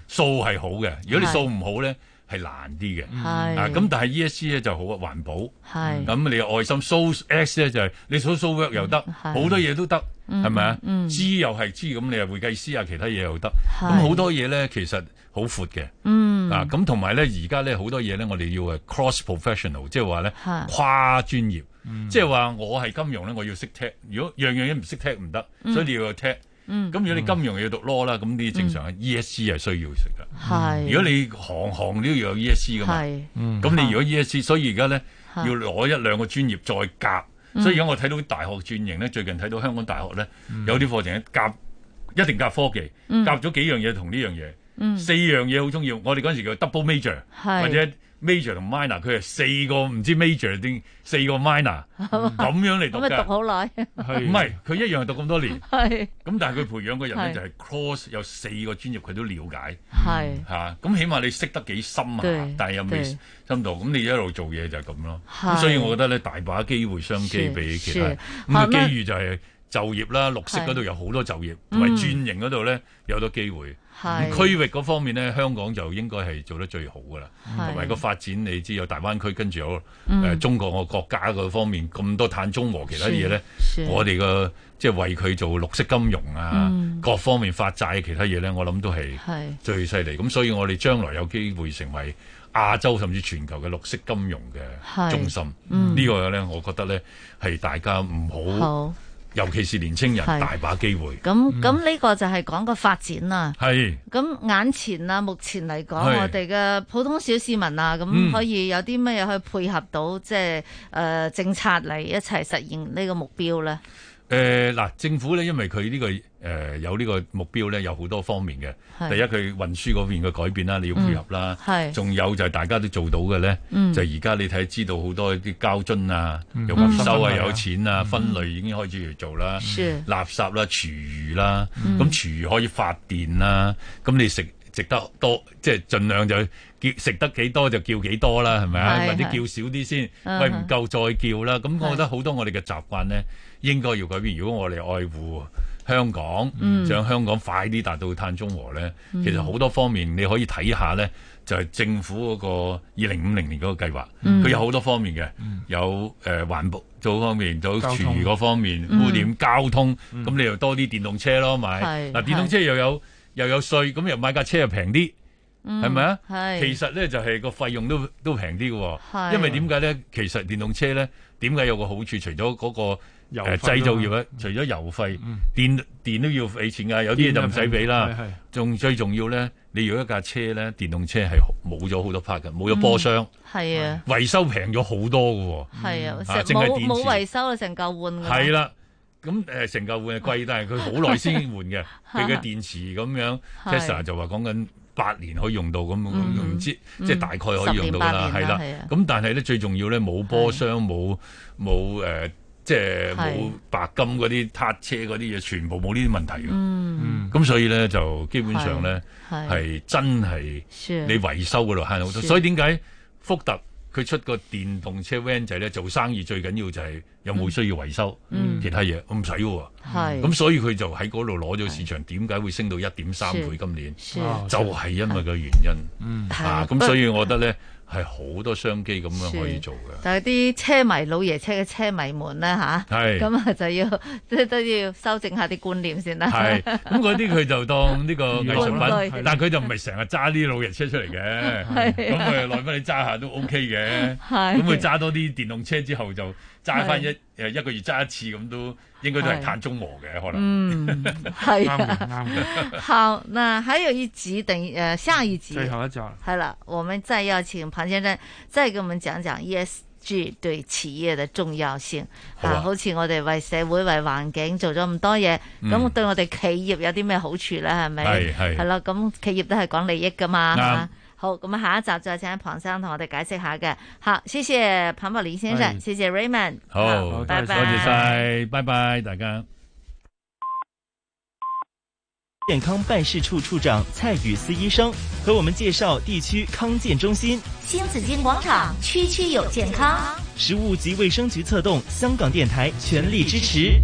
數、嗯、係好嘅。如果你數唔好咧係難啲嘅，咁、啊、但係 ESG 咧就好啊環保，咁、嗯、你嘅愛心數 S 咧就係、是、你數 so work 又得，好多嘢都得，係咪啊？知又係知，咁你又會計師啊，其他嘢又得，咁好多嘢咧其實。好闊嘅，啊咁同埋咧，而家咧好多嘢咧，我哋要 cross professional，即係話咧跨專業，即係話我係金融咧，我要識 tech，如果樣樣嘢唔識 tech 唔得，所以你要有 tech。咁如果你金融要讀 law 啦、嗯，咁啲正常嘅 ESG 係需要識噶。係、嗯，如果你行行都要有 ESG 噶嘛。咁、嗯、你如果 ESG，所以而家咧要攞一兩個專業再夾。所以而家我睇到大學轉型咧，最近睇到香港大學咧、嗯，有啲課程夾，一定夾科技，夾咗幾樣嘢同呢樣嘢。四樣嘢好重要，我哋嗰時叫 double major，或者 major 同 minor，佢係四個唔知 major 定四個 minor，咁樣嚟讀嘅。咁讀好耐，唔係佢一樣係讀咁多年。係。咁但係佢培養個人咧就係 cross 是有四個專業佢都了解。係。吓、嗯，咁起碼你識得幾深下，但係有冇深度？咁你一路做嘢就係咁咯。係。所以我覺得咧，大把機會商機俾其他。咁、那個、機遇就係、是。就業啦，綠色嗰度有好多就業，同埋、嗯、轉型嗰度呢，有好多機會。區域嗰方面呢，香港就應該係做得最好噶啦。同埋個發展，你知有大灣區，跟住有誒、嗯呃、中國個國家個方面咁多碳中和其他嘢呢，我哋個即係為佢做綠色金融啊，嗯、各方面發債其他嘢呢，我諗都係最犀利。咁所以我哋將來有機會成為亞洲甚至全球嘅綠色金融嘅中心。呢、嗯呢個呢，我覺得呢係大家唔好。尤其是年青人大把機會，咁咁呢個就係講個發展啦。係咁眼前啊，目前嚟講，我哋嘅普通小市民啊，咁可以有啲咩嘢去配合到，即係誒政策嚟一齊實現呢個目標呢？誒、呃、嗱，政府咧，因為佢呢、這個誒、呃、有呢個目標咧，有好多方面嘅。第一，佢運輸嗰邊嘅改變啦、嗯，你要配合啦。仲有就係大家都做到嘅咧、嗯，就而、是、家你睇知道好多啲膠樽啊，又回收啊、嗯，有錢啊、嗯，分類已經開始嚟做啦。是。垃圾啦、啊，廚餘啦，咁、嗯、廚餘可以發電啦。咁、嗯、你食食得多，即係儘量就叫食得幾多就叫幾多啦，係咪啊？或者叫少啲先，喂唔夠再叫啦。咁我覺得好多我哋嘅習慣咧。應該要改變。如果我哋愛護香港，想、嗯、香港快啲達到碳中和呢、嗯，其實好多方面你可以睇下呢就係政府嗰個二零五零年嗰個計劃，佢、嗯、有好多方面嘅、嗯，有誒、呃、環保做方面，做廚餘嗰方面，污點交通，咁、嗯嗯、你又多啲電動車咯，買嗱、啊、電動車又有又有稅，咁又買架車又平啲。係咪啊？其實咧，就係個費用都都平啲嘅，因為點解咧？其實電動車咧，點解有個好處？除咗嗰、那個油、呃、製造業咧、嗯，除咗油費，嗯、電電都要俾錢噶。有啲嘢就唔使俾啦。仲最重要咧，你如果一架車咧，電動車係冇咗好多 part 嘅，冇咗波箱，係、嗯、啊、啊，維修平咗好多嘅、哦。係啊，成冇冇維修啊，成嚿換嘅。係啦，咁誒，成嚿換係貴， 但係佢好耐先換嘅，佢 嘅電池咁樣。 啊、Tesla 就話講緊。八年可以用到咁，唔、嗯、知、嗯、即係大概可以用到啦，係、嗯、啦。咁但係咧最重要咧，冇波箱，冇冇誒，即係冇白金嗰啲撻車嗰啲嘢，全部冇呢啲問題嘅。咁、嗯、所以咧就基本上咧係真係你維修嗰度慳好多。所以點解福特？佢出個電動車 van 仔咧，做生意最緊要就係有冇需要維修、嗯嗯，其他嘢我唔使喎。係、嗯，咁所以佢就喺嗰度攞咗市場。點解會升到一點三倍？今年是是就係、是、因為個原因。嗯，啊，咁所以我覺得咧。嗯 係好多商機咁樣可以做嘅，但係啲車迷老爺車嘅車迷們咧嚇，咁啊、嗯、就要即係都要修正一下啲觀念先啦。係咁嗰啲佢就當呢個藝術品，但係佢就唔係成日揸啲老爺車出嚟嘅，咁佢耐翻你揸下都 OK 嘅。係咁佢揸多啲電動車之後就揸翻一誒、啊、一個月揸一次咁都。應該都係碳中和嘅可能，嗯，係啱啱好，那還有一集，等於、呃、下一集，最後一集係啦，我們再邀請龐先生再給我們講講 ESG 對企業的重要性。係好似、啊啊、我哋為社會為環境做咗咁多嘢，咁、嗯、對我哋企業有啲咩好處咧？係咪？係係係啦，咁企業都係講利益噶嘛。好，咁啊下一集再請龐生同我哋解釋下嘅。好，謝謝龐寶林先生，哎、謝謝 Raymond。好，多謝晒，拜拜，大家。健康辦事處處，處長蔡宇思醫生和我們介紹地區康健中心。新紫荊廣場，區區有健康、健康。食物及衛生局策動，香港電台全力支持。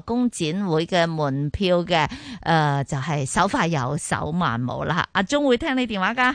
工展會嘅門票嘅，誒，就係手快有手慢冇啦。阿中會聽你電話㗎。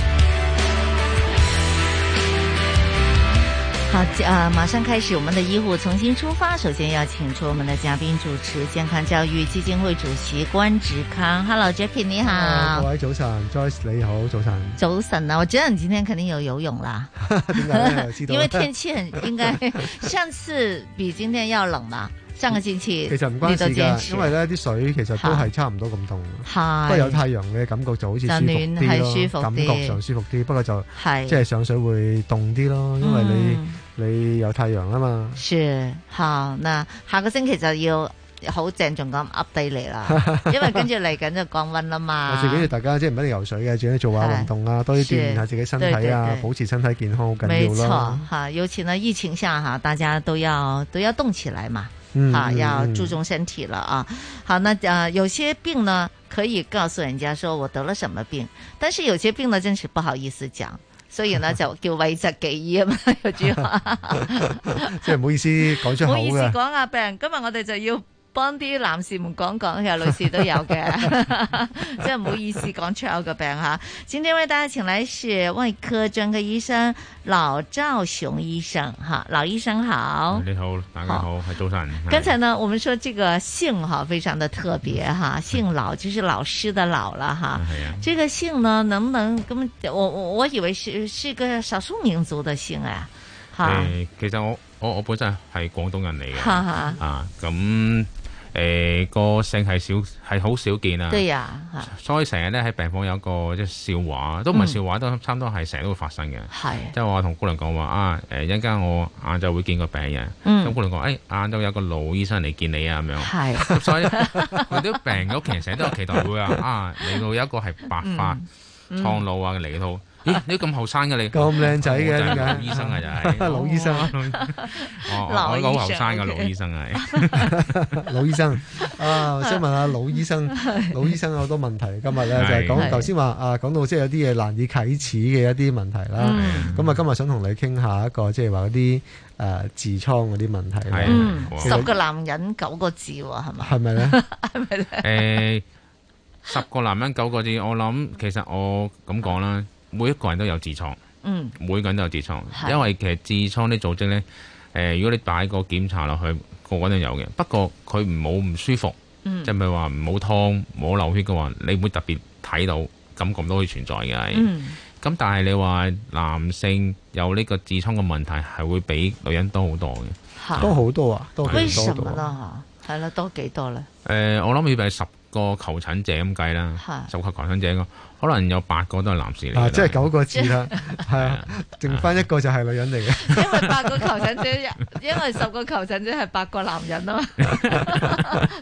呃、啊，馬上開始我們的《醫護重新出發》。首先要請出我們的嘉賓主持，健康教育基金會主席關志康。Hello，Jackie，你好。Hello, 各位早晨，Joyce，你好，早晨。早晨啊，我知你今天肯定有游泳啦。 因為天氣很應該 上次比今天要冷嘛，上個星期。其實唔關事，因為呢啲水其實都係差唔多咁凍。係。不過有太陽嘅感覺就好似舒服，暖舒服感覺上舒服啲，不過就係即係上水會凍啲咯，因為你。嗯你有太陽啊嘛？是好，那下個星期就要好鄭重咁 update 你啦，因為跟住嚟緊就降溫啦嘛。我建議大家即係唔一定游水嘅,最緊做下運動啊，多啲鍛煉下自己身體啊。對對對對，保持身體健康好緊要咯。吓，尤其呢疫情下大家都要都要動起來嘛，吓、嗯啊、要注重身體啦啊、嗯嗯。好，那、呃、有些病呢可以告訴人家說我得了什麼病，但是有些病呢，真是不好意思講。雖然啦，就叫諱疾忌醫啊嘛，哈哈哈，即係唔好意思講出口嘅。唔好意思講啊病，今日我哋就要。幫啲男士們講講，其實女士都有嘅，真係唔好意思講出口嘅病吓。今天為大家請來是外科專科醫生老兆雄醫生，哈老醫生好，你好，大家好，係早晨。剛才呢，我們說這個姓哈非常的特別哈，姓老就是老師的老了哈。係啊。這個姓呢，能不能咁？我我我以為是是個少數民族的姓啊。哈、呃、其實我我我本身係廣東人嚟嘅， 啊咁。誒、欸，個姓係少，係好少見啊。對啊，所以成日咧喺病房有個即係笑話，都唔係笑話，都、嗯、差唔多係成日都會發生嘅。係是，即係我同姑娘講話啊，誒、欸，一陣間我晏晝會見個病人。咁、嗯、姑娘講，誒、欸，晏晝有個老醫生嚟見你啊，咁樣。係是，咁所以佢啲 病友其實成日都有期待會啊。啊，你到有一個係白髮蒼老啊嘅嚟到。嗯 咦，你咁後生嘅你，咁靚仔嘅醫生啊，就係老醫生，哦，好後生嘅老醫生係，老醫生啊，我想問下老醫生，老醫生有好多問題，今日咧就係講頭先話啊，講到即係有啲嘢難以啟齒嘅一啲問題啦。咁啊，今日想同你傾下一個即係話嗰啲誒痔瘡嗰啲問題。嗯，十個男人九個痔，係咪？係咪咧？係咪咧？誒，十個男人九個痔，我諗其實我咁講啦。每一個人都有痔瘡，嗯，每一個人都有痔瘡，因為其實痔瘡啲組織咧，誒、呃，如果你擺個檢查落去，個個都有嘅。不過佢唔好唔舒服，嗯，即係咪話唔好痛，唔好流血嘅話，你唔會特別睇到感覺都可以存在嘅。咁、嗯嗯、但係你話男性有呢個痔瘡嘅問題，係會比女人多好多嘅，多好多啊？多幾多度啊？係啦，多幾多咧？誒、呃，我諗你譬如十個求診者咁計啦，十個求診者個。可能有八個都係男士嚟，嗱、啊，即係九個字啦，係 啊，剩翻一個就係女人嚟嘅。因為八個求診者，因為十個求診者係八個男人啊嘛，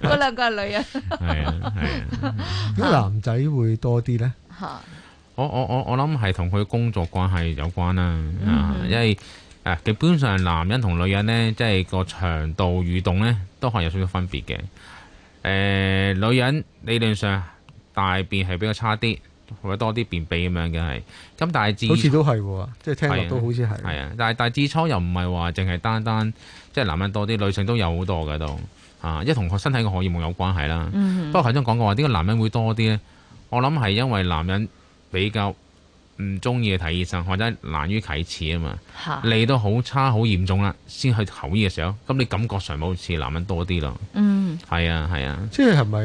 嗰兩個係女人。係啊係啊，如果男仔會多啲咧？吓，我我我我諗係同佢工作關係有關啦。啊，因為誒，基本上男人同女人咧，即係個長度蠕動咧，都可能有少少分別嘅。誒、呃，女人理論上大便係比較差啲。或者多啲便秘咁樣嘅係，咁但係痔瘡好似都係喎，即係聽落都好似係。係啊，啊，但係但係痔瘡又唔係話淨係單單即係、就是、男人多啲，女性都有好多噶都、啊，因為同身體嘅荷爾蒙有關係啦。嗯，不過頭先講過話，點解男人會多啲咧？我諗係因為男人比較，唔中意去睇醫生，或者難於啟齒啊嘛，你都好差好嚴重啦，先去口醫嘅時候，咁你感覺上好似男人多啲咯，嗯，係啊，係啊，即係係咪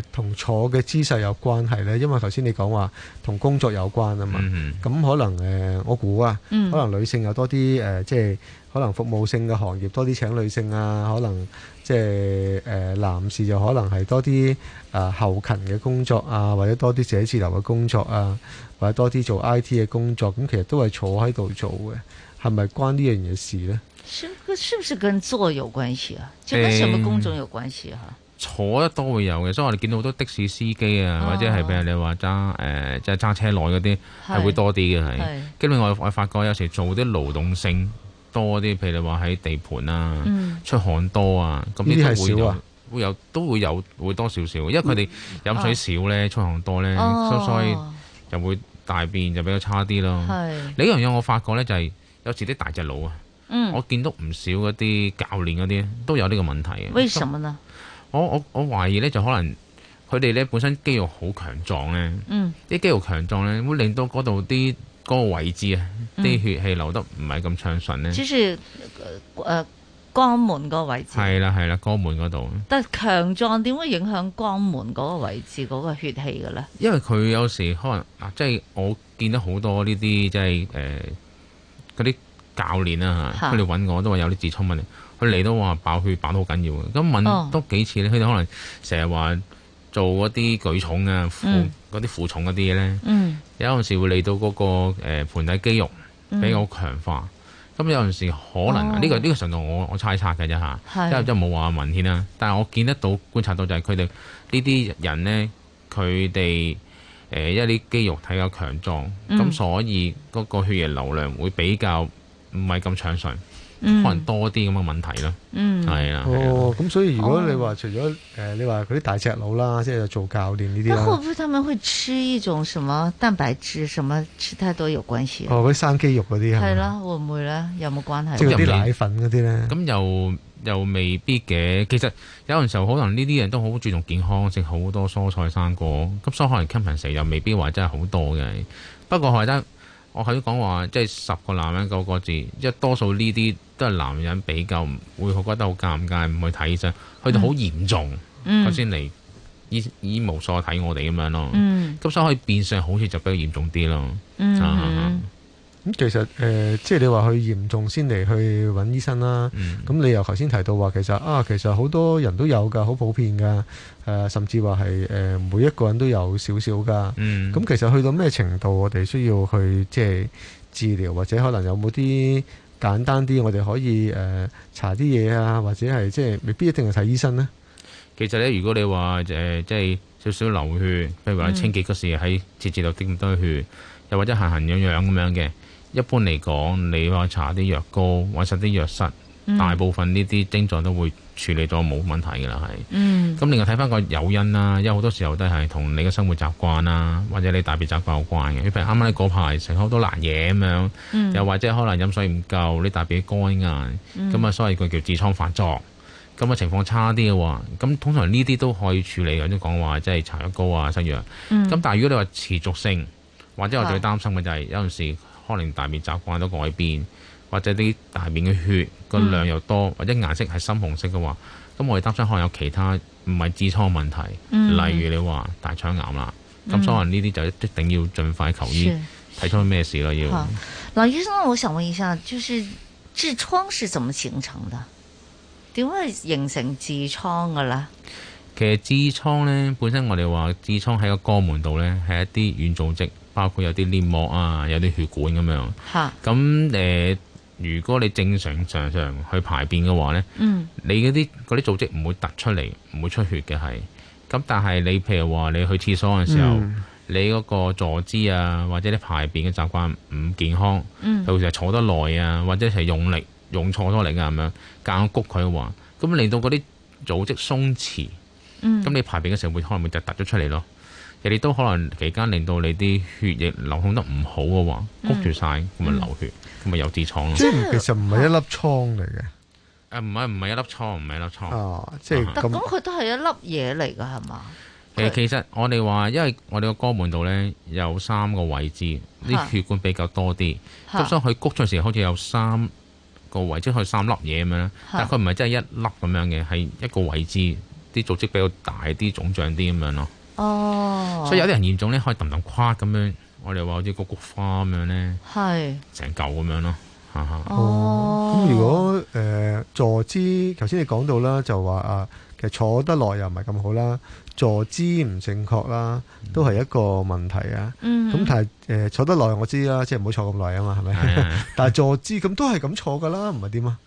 誒同坐嘅姿勢有關係呢？因為頭先你講話同工作有關啊嘛，咁、嗯嗯、可能誒、呃、我估啊，可能女性有多啲誒、呃，即係可能服務性嘅行業多啲請女性啊，可能即係誒、呃、男士就可能係多啲誒、呃、後勤嘅工作啊，或者多啲寫字樓嘅工作啊。買多啲做 I T 嘅工作，咁其實都係坐喺度做嘅，係咪關呢樣嘢事咧？是，是不是跟坐有關係啊？即係跟什麼工種有關係啊？嗯、坐得多會有嘅，所以我哋見到好多的士司機啊，或者係譬如你話揸誒，即係揸車耐嗰啲係會多啲嘅。係，跟住我我發覺有時做啲勞動性多啲，譬如你話喺地盤啊、嗯、啊，啊，啊，出汗多啊，咁呢啲係少啊，會有都會有會多少少，因為佢哋飲水少咧，出汗多咧，所以就會。大便就比較差啲咯。係呢樣嘢，我發覺咧就係、是、有時啲大隻佬啊、嗯，我見到唔少嗰啲教練嗰啲、嗯、都有呢個問題嘅。為什麼呢？我我我懷疑咧，就可能佢哋咧本身肌肉好強壯咧，啲、嗯、肌肉強壯咧會令到嗰度啲嗰個位置啊啲血氣流得唔係咁暢順咧。即係誒肛門個位置係啦，係啦，肛門嗰度。但係強壯點會影響肛門嗰個位置嗰、嗰個血氣嘅咧？因為佢有時可能啊，即係我見到好多呢啲即係誒嗰啲教練啊，吓的，佢哋揾我都話有啲痔瘡問題，佢嚟都話爆血板都好緊要嘅。咁問多幾次咧，佢哋、哦、可能成日話做嗰啲舉重啊、負嗰啲負重嗰啲嘢咧，嗯、有陣時會嚟到嗰個誒盆底肌肉比較強化。嗯咁有陣時可能啊，呢、哦這個呢、這個程度我我猜測嘅啫嚇，即係即係冇話明顯啦。但係我見得到觀察到就係佢哋呢啲人咧，佢哋誒一啲肌肉體夠強壯，咁、嗯、所以嗰個血液流量會比較唔係咁暢順。嗯、可能多啲咁嘅問題咯，嗯，係啊，哦，咁、啊哦、所以如果你話除咗誒、哦呃，你話嗰啲大隻佬啦，即係做教練呢啲，但會唔會佢們會吃一種什麼蛋白質？什麼吃太多有關係？哦，嗰啲生肌肉嗰啲係咪？係啦、啊，會唔會咧？有冇關係？即係啲奶粉嗰啲咧？咁又又未必嘅。其實有陣時候可能呢啲人都好注重健康，食好多蔬菜生果。咁所以可能單憑食又未必話真係好多嘅。不過我覺得。我頭先講話，即係十個男人九個字，即係多數呢啲都係男人比較會覺得好尷尬，唔會睇醫生，佢哋好嚴重，佢先嚟醫醫務所睇我哋咁樣咯。咁、嗯、所以可以變相好似就比較嚴重啲咯。嗯哈哈嗯咁其實誒、呃，即係你話去嚴重先嚟去揾醫生啦、啊。咁、嗯、你由頭先提到話，其實啊，其實好多人都有㗎，好普遍㗎、呃。甚至話係、呃、每一個人都有少少㗎。咁、嗯、其實去到咩程度，我哋需要去即係治療，或者可能有冇啲簡單啲，我哋可以誒、呃、查啲嘢啊，或者係即係未必一定係睇醫生呢？其實咧，如果你話、呃、即係少少流血，譬如話清潔嗰時喺設置度滴咁多血，又或者行行養養咁樣嘅。一般嚟講，你話搽啲藥膏，或實啲藥室、嗯，大部分呢啲症狀都會處理咗冇問題㗎啦。係咁，另外睇翻個誘因啦，因為好多時候都係同你嘅生活習慣啦，或者你嘅大便習慣有關嘅。你譬如啱啱咧嗰排食好多辣嘢咁樣，又或者可能飲水唔夠，你大便乾硬，咁、嗯、啊，所以佢叫痔瘡發作。咁、嗯、啊，情況差啲嘅話，咁通常呢啲都可以處理。有啲講話即係搽藥膏啊，濕藥。咁、嗯、但係如果你話持續性，或者我最擔心嘅就係有陣時。可能大便習慣都改變，或者啲大便嘅血個量又多、嗯，或者顏色係深紅色嘅話，咁我哋擔心可能有其他唔係痔瘡問題，嗯，例如你話大腸癌啦，咁、嗯、所以呢啲就一定要盡快求醫睇出咩事咯。要，嗱，醫生，我想問一下，就是痔瘡是怎麼形成的？點會形成痔瘡嘅咧？其實痔瘡呢，本身我哋話痔瘡喺個肛門度呢，係一啲軟組織。包括有啲黏膜啊，有啲血管咁哈樣。嚇！咁誒，如果你正常常常去排便嘅話咧，嗯，你嗰啲啲組織唔會突出嚟，唔會出血嘅係。咁但係你譬如話你去廁所嘅時候，嗯、你嗰個坐姿啊，或者你排便嘅習慣唔健康，嗯，尤其坐得耐啊，或者係用力用錯咗力啊咁樣，間谷佢嘅話，咁令到嗰啲組織鬆弛，嗯，咁、嗯、你排便嘅時候會可能會就突咗出嚟咯。其實都可能期間令到你啲血液流通得唔好嘅話，谷住晒，咁咪流血，咁、嗯、咪有痔瘡啦。即、嗯、係、嗯、其實唔係一粒瘡嚟嘅。誒唔係唔係一粒瘡，唔係一粒瘡。哦、啊，即係咁。佢都係一粒嘢嚟嘅，係嘛？其實我哋話，因為我哋個肛門度咧有三個位置，啲血管比較多啲，咁所以佢谷咗時好似有三個位置，即、就、係、是、三粒嘢咁樣。但佢唔係真係一粒咁樣嘅，係一個位置啲組織比較大啲、腫脹啲咁樣咯。哦，所以有啲人嚴重咧，可以揼揼跨咁樣，我哋話好似個菊花咁樣咧，係成嚿咁樣咯，吓吓。哦，咁如果誒、呃、坐姿，頭先你講到啦，就話啊，其實坐得耐又唔係咁好啦，坐姿唔正確啦，都係一個問題啊。嗯。咁但係誒坐得耐我知啦，即係唔好坐咁耐啊嘛，係咪？係。但係坐姿咁都係咁坐噶啦，唔係點啊？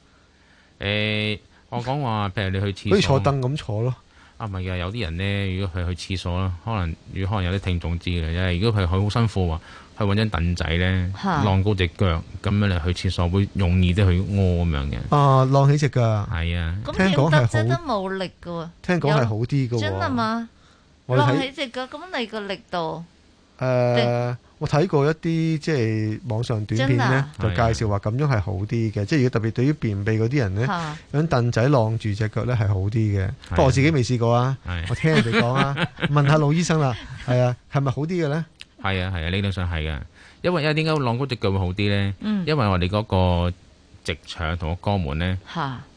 誒、欸，我講話，譬如你去廁，可以坐凳咁坐咯。啊，唔係嘅，有啲人咧，如果佢去廁所啦，可能，如果可能有啲聽眾知嘅，因為如果佢去好辛苦話，去揾張凳仔咧，晾高隻腳咁樣嚟去廁所，會容易啲去屙咁樣嘅。啊，晾起隻腳，係啊。咁聽講係都冇力嘅喎，聽講係好啲嘅喎。真係嗎？晾起隻腳，咁你個力度？誒、呃。我睇過一啲即係網上短片咧，就介紹話咁樣係好啲嘅，即係如果特別對於便秘嗰啲人咧，咁凳仔晾住隻腳咧係好啲嘅。不過我自己未試過啊，我聽人哋講啊，問下老醫生啦，係啊，係 咪好啲嘅咧？係啊係啊，理論上係嘅，因為因為點解晾嗰隻腳會好啲咧、嗯？因為我哋嗰個直腸同個肛門咧，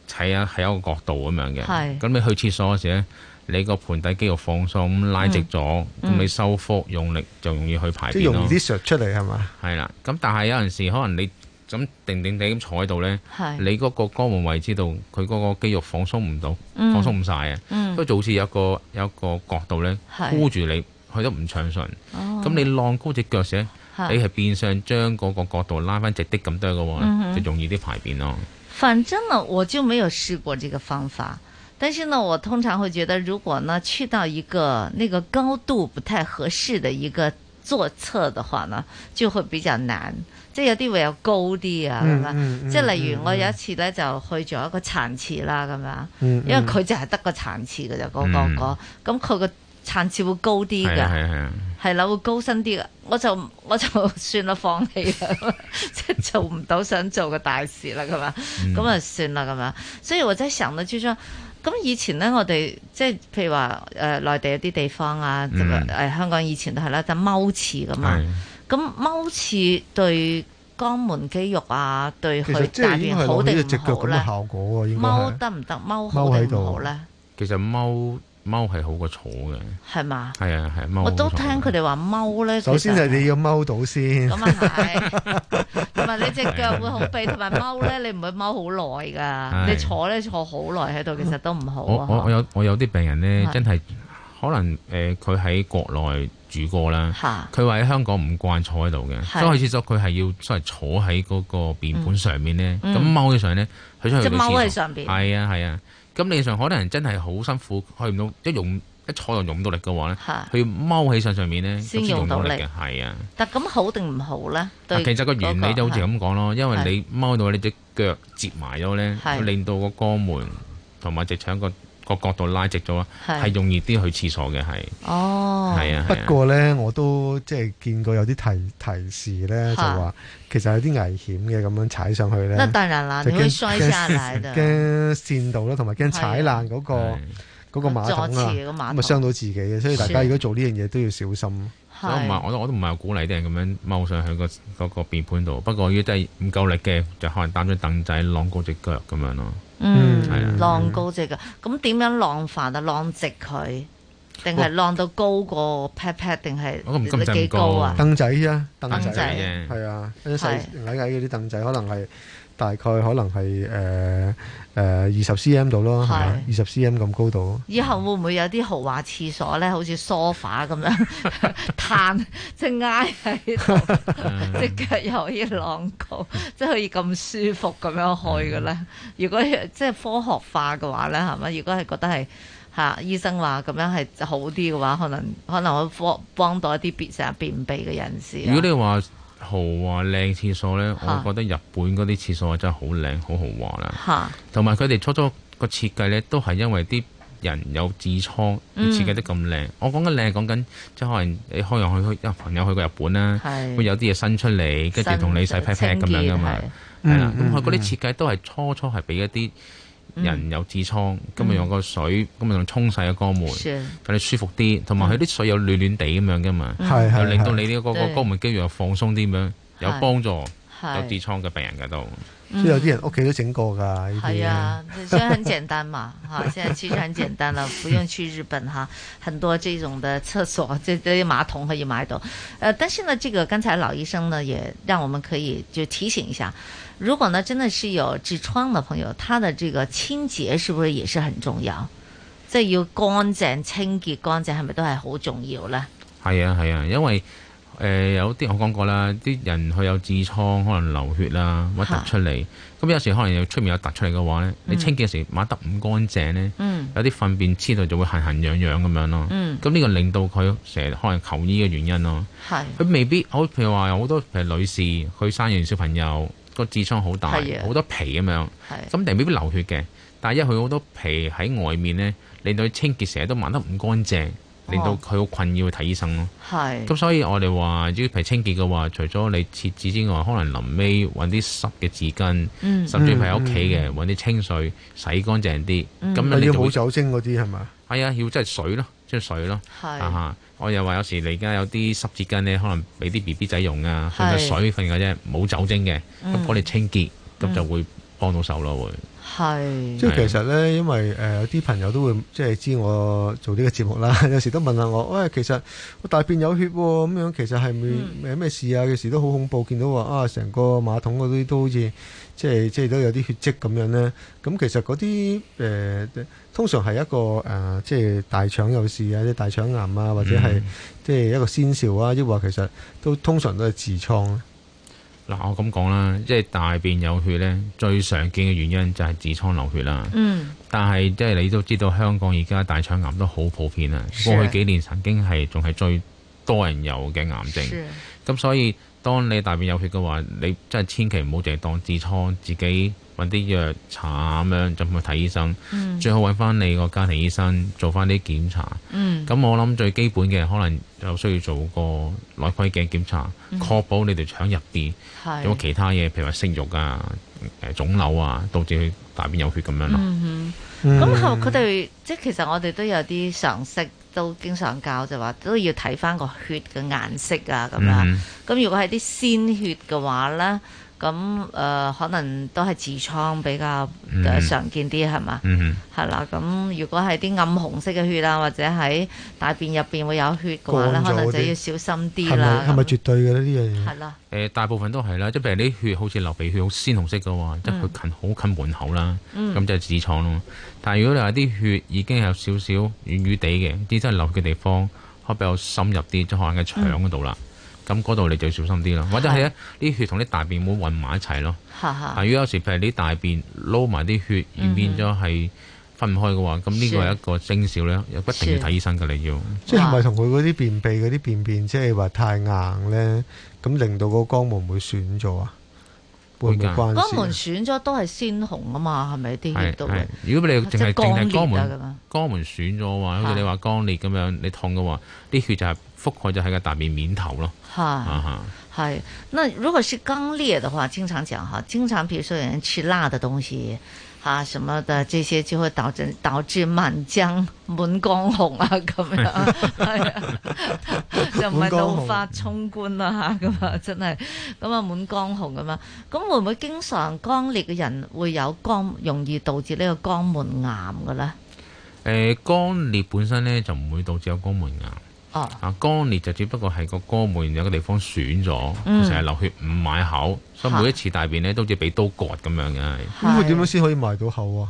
係啊係一個角度咁樣嘅，咁你去廁所時咧。你個盆底肌肉放鬆拉直咗，咁、嗯嗯、你收腹用力就容易去排便，容易啲削出嚟係嘛？係啦，咁但係有陣時可能你咁定定地咁坐喺度咧，你嗰個肛門位置度，佢嗰個肌肉放鬆唔到，放鬆唔晒啊，都、嗯嗯、就好似有個有一個角度咧箍住你，去得唔暢順。咁、哦、你晾高隻腳時，你係變相將嗰個角度拉翻直的咁多嘅，就容易啲排便咯。反正我就沒有試過這個方法。但是呢，我通常會覺得，如果呢去到一個那個高度不太合適的一個坐廁的話呢，就會比較難。即係有啲會有高啲啊，咁、嗯、啊。即係、嗯、例如、嗯、我有一次咧就去咗一個殘廁啦，咁啊。嗯。因為佢就係得個殘廁嘅咋，嗰個個。咁佢個殘廁會高啲噶。係啊係係啦，會、啊、高身啲噶。我就我就算啦，放棄啦。即 係 做唔到想做嘅大事啦，咁啊。嗯。咁啊，算啦，咁啊。所以我在想呢、就是，就說。咁以前咧，我哋即係譬如話誒、呃、內地一啲地方啊，咁啊、嗯哎、香港以前都係啦，就踎、是、廁㗎嘛。咁踎的、嗯、廁對肛門肌肉啊，對佢大便好定唔好咧？踎、啊、得唔得？踎好喺度好咧？其實踎。踎係好過坐嘅，係嘛？係啊，係踎、啊。我都聽佢哋話踎咧。首先就係你要踎到先。咁啊係，同埋你隻腳會好痹，同埋踎咧，你唔會踎好耐㗎。你坐咧，坐好耐喺度，其實都唔好、嗯我我。我有我有啲病人咧，真係可能誒，佢、呃、喺國內住過啦，佢話喺香港唔慣坐喺度嘅，所以始終佢係要所謂坐喺嗰個便盤上面咧。咁踎嘅時候咧，佢出踎喺、嗯、上邊。係啊，係啊。咁，理論上可能真係好辛苦，去唔到用一坐就用唔到力嘅話咧，佢踎喺上上面咧先用到力嘅，係啊。但咁好定唔好咧、那個？其實個原理就好似咁講咯，因為你踎到你隻腳折埋咗咧，令到個肛門同埋直腸個個角度拉直咗，係容易啲去廁所嘅，係。哦，係啊，啊。不過咧，我都即係見過有啲提提示咧，就話其實有啲危險嘅，咁樣踩上去咧。那當然啦，你會摔下來的。驚跣到啦，同埋驚踩爛嗰個嗰個馬桶啦，咁啊傷到自己嘅。所以大家如果做呢樣嘢都要小心。我唔，我都我都唔係鼓勵啲人咁樣踎上去，嗰個嗰個便盤度。不過如果真係唔夠力嘅，就可能擔咗凳仔晾嗰隻腳咁樣咯。嗯，晾、嗯、高隻㗎，咁點、嗯、樣晾煩啊？晾直佢，定係晾到高過 pat pat，定係幾高，我高啊？凳、啊、仔啊，凳仔，係啊，啲細矮矮啲凳仔可能係。哦嗯大概可能係誒誒二十 cm 度咯，二十是 cm 咁高度。以後會唔會有啲豪華廁所咧？好似梳化咁樣，攤即係挨喺度，隻腳又可以浪高，即係可以咁舒服咁樣去嘅咧的。如果即係科學化嘅話咧，係咪？如果係覺得係吓醫生話咁樣係好啲嘅話，可能可能我幫幫到一啲憋成日便秘嘅人士啊。如果你話，豪華靚廁所呢，我覺得日本嗰啲廁所真係好靚，好豪華啦。嚇！同埋佢哋初初個設計呢，都係因為啲人有痔瘡，要設計得咁靚。嗯、我講緊靚，講緊即係可能你開完去，因為朋友去過日本啦，會有啲嘢伸出嚟，跟住同你洗 pat pat 咁樣噶嘛。係啦，咁佢嗰啲設計都係初初係俾一啲。人有痔瘡、嗯，今日用個水，嗯、今日用沖洗個肛門，讓你舒服啲，同埋佢啲水又暖暖地咁樣噶嘛，又令到你呢嗰個肛門肌肉又放鬆啲咁樣，有幫助，有痔瘡嘅病人嘅都，即、嗯、係有啲人屋企都整過噶。係啊，所以很簡單嘛，哈， 現在其實很簡單啦，不用去日本哈，很多這種的廁所，即這些馬桶可以買到。誒，但是呢，這個剛才老醫生呢，也讓我們可以就提醒一下。如果呢，真的是有痔瘡嘅朋友，他的這個清潔是不是也是很重要？即係要乾淨清潔乾淨，係咪都係好重要呢？係啊係啊，因為誒、呃、有啲我講過啦，啲人佢有痔瘡，可能流血啦，乜突出嚟，咁有時可能有出面有突出嚟嘅話呢，你清潔的時抹得唔乾淨呢、嗯，有啲糞便黐到就會痕痕癢癢咁樣咯。咁呢個令到佢成日可能求醫嘅原因咯。佢未必，好似話有好多，譬如女士佢生完小朋友。個痔瘡好大，好的多皮咁的樣，咁定未必流血嘅。但係因為佢好多皮喺外面咧，令到佢清潔成日都抹得唔乾淨，令到佢好困擾去睇醫生咯。係、哦，咁所以我哋話，如果皮清潔嘅話，除咗你切紙之外，可能臨尾搵啲濕嘅紙巾，嗯、甚至係喺屋企嘅搵啲清水洗乾淨啲。咁、嗯、你冇酒精嗰啲係咪？係啊，要即係水咯。出水咯，是啊，我又話有時你而家有啲濕紙巾咧，可能俾啲 B B 仔用啊，是用水份嘅啫，冇酒精嘅，咁、嗯、幫你清潔，咁、嗯、就會幫到手咯，會是。係是，即係其實咧，因為誒、呃、有啲朋友都會即係知我做呢個節目啦， 有時都問下我，喂、哎，其實我大便有血喎、喔，咁樣其實係咪誒咩事啊？有時都好恐怖，見到話啊，成個馬桶嗰啲都好似～即係都有啲血跡咁樣呢。咁其實嗰啲誒通常係一個誒、呃，即係大腸有事啊，啲大腸癌啊，或者係即係一個先兆啊，亦或其實都通常都係痔瘡。嗱、嗯，我咁講啦，即、就、係、係、大便有血呢，最常見嘅原因就係痔瘡流血啦。嗯。但係即係你都知道，香港而家大腸癌都好普遍啊。過去幾年曾經係仲係最多人有嘅癌症。咁、嗯、所以。當你大便有血嘅話，你真係千祈唔好淨係當痔瘡，自己揾啲藥搽咁樣，就去睇醫生。嗯、最好揾翻你個家庭醫生做翻啲檢查。咁、嗯、我諗最基本嘅可能有需要做個內窺鏡檢查，確保你條腸入邊、嗯、有冇其他嘢，譬如話息肉啊、誒、呃、腫瘤啊，導致佢大便有血咁樣咯。咁後佢哋即係其實我哋都有啲常識。都經常教就話都要睇翻個血嘅顏色啊，咁、嗯、樣，咁如果係啲鮮血嘅話咧。咁誒、呃，可能都係痔瘡比較常見啲係嘛？係啦，咁如果係啲暗紅色嘅血啊，或者喺大便入邊會有血嘅話咧，光碎 可能就要小心啲啦。係咪係咪絕對嘅呢樣嘢？係啦。誒、呃，大部分都係啦，即係譬如啲血好似流鼻血好鮮紅色嘅喎、喔，嗯、即係佢近好近門口啦，咁、嗯、就係痔瘡咯。但係如果你話啲血已經有少少軟軟地嘅，啲真係流血嘅地方，可能比較深入啲，即可能喺腸嗰度啦。嗯咁嗰度你就要小心啲啦，或者係咧啲血同啲大便會混埋一齊咯。如果有時譬如啲大便撈埋啲血，而、嗯、變咗係分唔開嘅話，咁呢個係一個徵兆咧，又不停要睇醫生嘅你要。即係唔係同佢嗰啲便秘嗰啲便便，即係話太硬咧，咁令到個肛門會損咗啊？會唔會關？肛門損咗都係鮮紅啊嘛，係咪啲都？如果你淨係肛裂嘅話，肛門損咗嘅話，好似你話肛裂咁樣，你痛嘅話，啲血就係、是。覆蓋就喺個大面面頭咯，係係、啊。那如果是肛裂的話，經常講哈，經常，比如說有人吃辣的東西啊，什麼的，這些就會導致導致滿江滿江紅啊，咁樣 是 就唔係怒髮衝冠啦吓，咁啊真係咁啊滿江紅咁啊。咁、啊、會唔會經常肛裂嘅人會有肛容易導致呢個肛門癌嘅呢？誒、呃，肛裂本身咧就唔會導致有肛門癌。啊！乾裂就只不過係個肛門有個地方損咗，成日、嗯、流血唔埋口，所以每一次大便咧都好似俾刀割咁樣嘅。咁佢點樣先可以埋到口啊？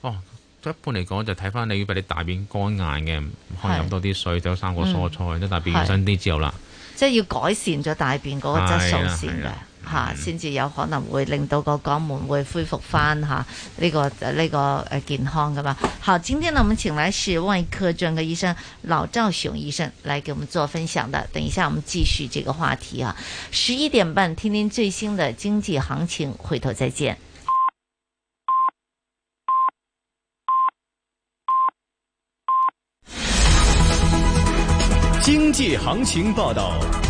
哦，一般嚟講就睇返你要俾啲大便乾硬嘅，是可以飲多啲水，就多生果蔬菜，即、嗯、大便新啲之後啦。即係、就是、要改善咗大便嗰個質素先嘅的。的嚇、啊，先至有可能會令到個肛門會恢復翻嚇，呢、啊這個呢、這個誒健康㗎嘛。好，今天呢，我們請來是外科專科醫生老兆雄醫生來給我們做分享的。等一下，我們繼續這個話題啊。十一點半，聽聽最新的經濟行情，回頭再見。經濟行情報導。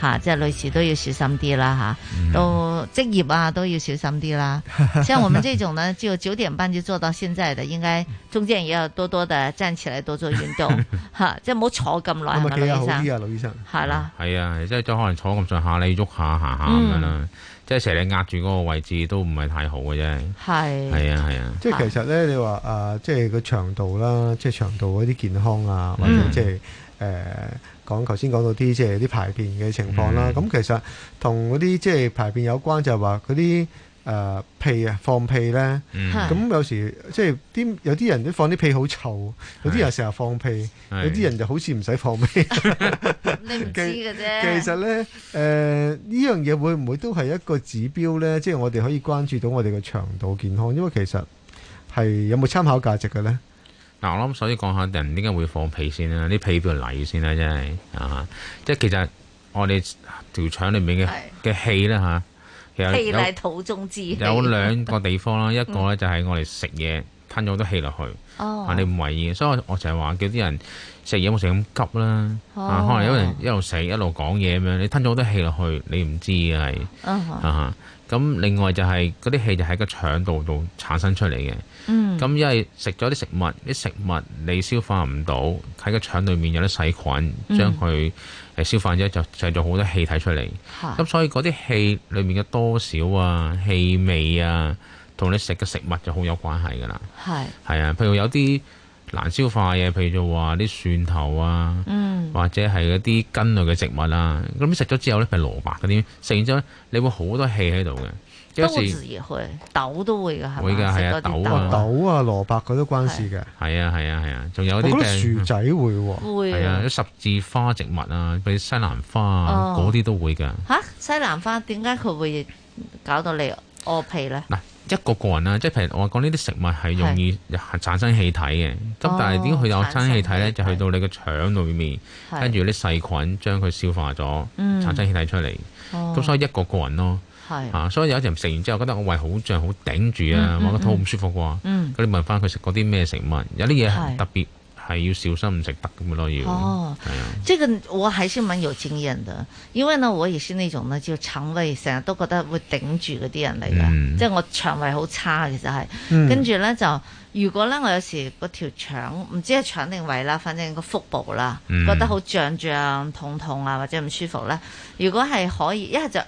吓、嗯嗯，即係女士都要小心啲啦，吓、嗯，都職業啊都要小心啲啦。像我們這種呢，就九點半就做到現在的，應該中間也要多多地站起來多做運動，吓、嗯，即係唔 好坐咁耐。阿醫生好啲啊，女醫生係啦，係啊，即係都可能坐咁上下，你喐下一下行咁啦，即係成日你壓住嗰個位置都唔係太好嘅啫。係係啊係啊，啊，即係其實咧，你話誒、呃，即係個長度啦，即係長度嗰啲健康啊，嗯、或者即係誒。呃講頭先講到啲即係啲排便嘅情況啦，咁、嗯、其實同嗰啲即係排便有關，就係話嗰啲誒屁啊放屁咧，咁、嗯嗯、有時即係啲有啲人都放啲屁好臭，唉有啲人成日放屁，唉有啲人就好似唔使放屁。唉 你唔知嘅啫。其實咧誒，呢、呃、樣嘢會唔會都係一個指標咧？即、就、係、是、我哋可以關注到我哋嘅腸道健康，因為其實係有冇參考價值嘅咧？嗱、啊，我諗所以講下人點解會放屁先啦、啊，啲屁邊嚟先啦、啊，真係啊！即係其實我哋條腸裏面嘅嘅氣咧吓，其實有氣肚中之氣，有兩個地方啦，嗯、一個咧就係我哋食嘢吞咗好多氣落去，哦、啊你唔為意，所以我成日係話叫啲人食嘢冇食咁急啦、啊哦啊，可能有人一路食一路講嘢咁樣，你吞咗好多氣落去，你唔知嘅係咁，另外就係嗰啲氣就喺個腸度度產生出嚟嘅。嗯，咁因為食咗啲食物，啲食物你消化唔到，喺個腸裏面有啲細菌、嗯、將佢消化咗，就製造好多氣體出嚟。咁所以嗰啲氣裏面嘅多少啊、氣味啊，同你食嘅食物就好有關係㗎啦。係，係啊，譬如有啲難消化嘅，譬如就話啲蒜頭啊，嗯，或者係嗰啲根類嘅植物啊，咁你食咗之後咧，譬如蘿蔔嗰啲，食完之後你會好多氣喺度嘅。都會去，豆都會噶，係咪？會㗎，係豆豆啊，豆啊蘿蔔嗰啲關事嘅，係啊，係啊，係啊。仲有啲薯仔會喎、哦，係啊，有十字花植物啊，比如西蘭花啊，嗰、哦、啲都會嘅。嚇、啊，西蘭花點解佢會搞到你屙屁咧？嗱、啊，一個個人啦，即係譬如我講呢啲食物係容易產生氣體嘅，咁、哦、但係點解佢有產生氣體咧？就去到你個腸裏面，跟住啲細菌將佢消化咗、嗯，產生氣體出嚟。咁、哦、所以一個個人咯。係啊，所以有一陣食完之後，覺得我胃好脹，好頂住啊，我個肚唔舒服喎。咁、嗯、你、嗯、問翻佢食過啲咩食物？嗯、有啲嘢係特別係要小心唔食得咁咯，要。哦，即、啊哦這個我喺先蠻有經驗的，因為呢，我以是呢種呢叫腸胃成日都覺得會頂住嘅啲人嚟嘅、嗯，即係我腸胃好差、啊、其實係、嗯。跟住咧就，如果咧我有時嗰條腸唔知係腸定胃啦，反正個腹部啦、嗯，覺得好脹脹、痛痛啊或者唔舒服咧，如果係可以，一係就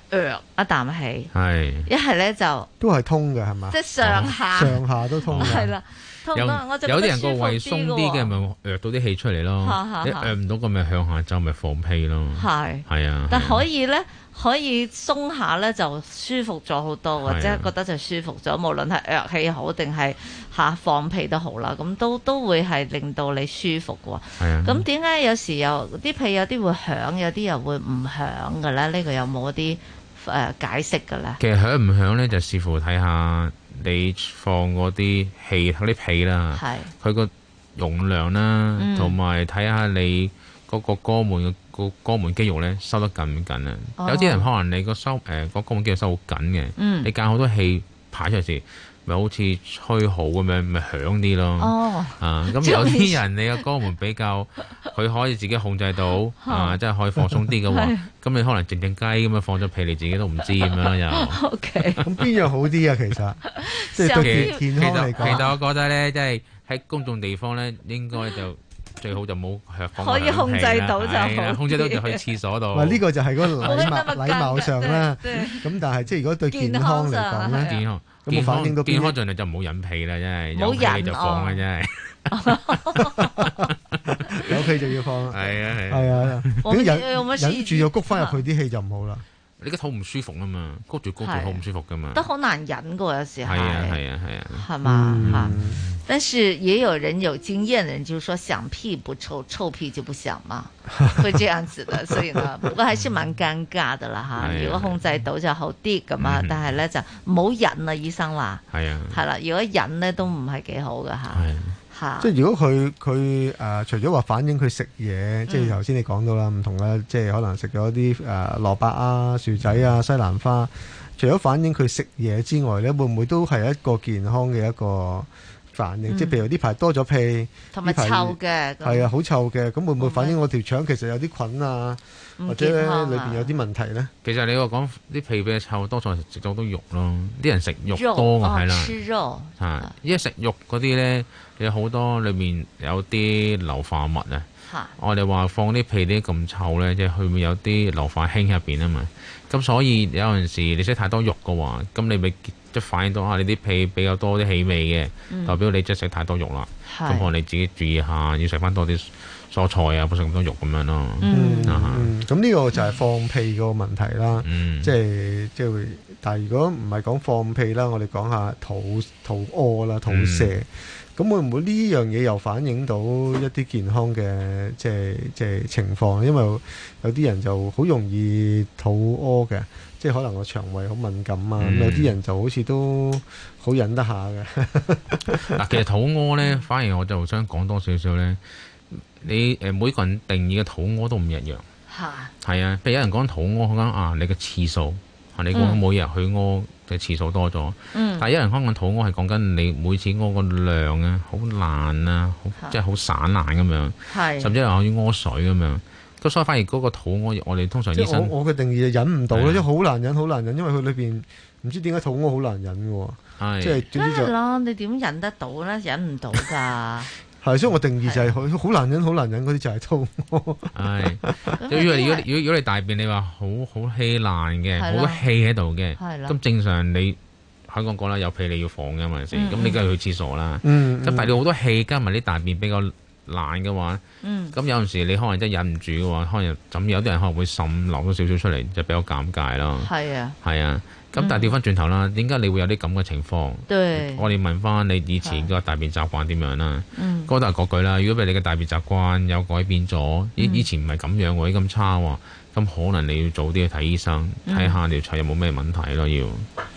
一啖氣，係一係咧就都係通嘅，係嘛？即上下、哦、上下都通嘅，係、哦、啦。通通有我就有啲人個胃,胃鬆啲嘅咪壓到啲氣出嚟咯，壓唔到咁咪向下走，咪放屁咯。係係啊,啊，但可以咧，可以鬆一下咧，就舒服咗好多，或者、啊、覺得就舒服咗。無論係壓氣好定係下放屁也好都好啦，咁都都會係令到你舒服嘅。咁點解有時候有啲屁有啲會響，有啲又會唔響嘅咧？呢、呢個有冇啲？誒解釋㗎啦，其實響唔響咧，就視乎睇下你放嗰啲氣嗰啲屁啦，佢個容量啦，同埋睇下你嗰個肛門嘅、嗰個肛門肌肉咧收得緊唔緊啊、哦？有啲人可能你個收、呃那個收誒個肛門肌肉收好緊嘅、嗯，你揀好多氣排出嚟時。咪好似吹好咁樣，咪響啲咯。哦，啊，咁有啲人你個肛門比較，佢可以自己控制到， 啊，即係可以放鬆啲噶。咁 的你可能靜靜雞咁樣，放咗屁你自己都唔知咁樣又。O K，咁邊樣好啲啊？其實即係對健康嚟講。其實我覺得咧，即係喺公眾地方咧，應該就最好就冇、啊。可以控制到就、哎、控制到就去廁所度。喂、哎，呢、這個就係嗰禮貌禮 貌上啦。咁但係即係如果對健康嚟講咧點啊？健康健康有冇反應？健康盡力就唔好忍屁啦，真係有氣就放啦，真係有氣就要放。係啊係啊，忍忍住又谷翻入去啲氣就唔好啦。你個肚唔舒服啊嘛，谷住谷住好唔舒服噶嘛，啊、都好難忍噶有時。係啊係啊係啊，係嘛吓。但是也有人有經驗的人，就是說響屁不臭，臭屁就不響嘛， 會這樣子的。所以呢，不過還是蠻尷尬的啦哈。啊啊、如果控制到就好啲咁啊，但係咧就唔好忍啊。醫生話係啊，係啦、啊，如果忍咧都唔係幾好噶吓。啊 即係如果佢佢誒除咗話反映佢食嘢，即係頭先你講到啦，唔同啦，即係可能食咗啲誒蘿蔔啊、薯仔啊、西蘭花，除咗反映佢食嘢之外咧，會唔會都係一個健康嘅一個反應？即係譬如呢排多咗屁，同埋臭嘅，係啊，好臭嘅，咁會唔會反映我條腸其實有啲菌啊，或者咧裏邊有啲問題咧？其實你話講啲屁比佢臭，多數係食咗好多肉咯。啲人食肉多係啦，係因為食肉嗰啲咧。有好多裏面有啲硫化物啊！我哋話放啲屁啲咁臭咧，即係佢會有啲硫化氫入邊啊嘛。咁所以有陣時你食太多肉嘅話，咁你咪即反映到啊，你啲屁比較多啲氣味嘅，嗯，代表你即係食太多肉啦。咁可能你自己注意一下，要食翻多啲蔬菜不、嗯、啊，唔食咁多肉咁樣咯。咁、啊、呢個就係放屁嗰個問題啦。即係即係，但係如果唔係講放屁啦，我哋講下肚肚屙啦，肚瀉。肚咁會唔會呢樣嘢又反映到一啲健康嘅即係即係情況？因為有啲人就好容易肚屙嘅，即係可能個腸胃好敏感啊。嗯、咁有啲人就好似都好忍得下嘅。嗱，其實肚屙咧，反而我就想講多少少咧，你誒每個人定義嘅肚屙都唔一樣。嚇哈，係啊，譬如有人講肚屙，講啊，你嘅次數。你講每日去屙嘅次數多咗，嗯、但係一人可能肚屙係講緊你每次屙個量啊，好爛啊，是即係好散爛咁樣，是甚至係可以屙水咁樣，咁所以反而嗰個肚屙，我哋通常醫生即係我嘅定義就忍唔到咯，是即係好難忍，好難忍，因為佢裏邊唔知點解肚屙好難忍嘅，是即係、就是，梗係啦，你點忍得到咧？忍唔到噶。 係，所以我定義就係好好難忍，好難忍嗰啲就係痛。係， 如果如果如果你大便你話好好稀爛嘅，好，好氣的多氣喺度嘅，咁的正常你香港講啦，有屁你要放嘅嘛先，咁、嗯、你梗係去廁所啦嗯。嗯，咁但係你好多氣加埋啲大便比較爛嘅話，咁、嗯、有陣時你可能真係忍唔住嘅話，可能咁有啲人可能會滲漏咗少少出嚟，就比較尷尬咯。係啊的，係啊的。咁但係掉翻轉頭啦，點、嗯、解你會有啲咁嘅情況？我哋問翻你以前個大便習慣點樣啦，嗰都係嗰句啦。如果俾你嘅大便習慣有改變咗、嗯，以以前唔係咁樣喎，咁差喎，咁可能你要早啲去睇醫生，睇下條腸有冇咩問題咯，要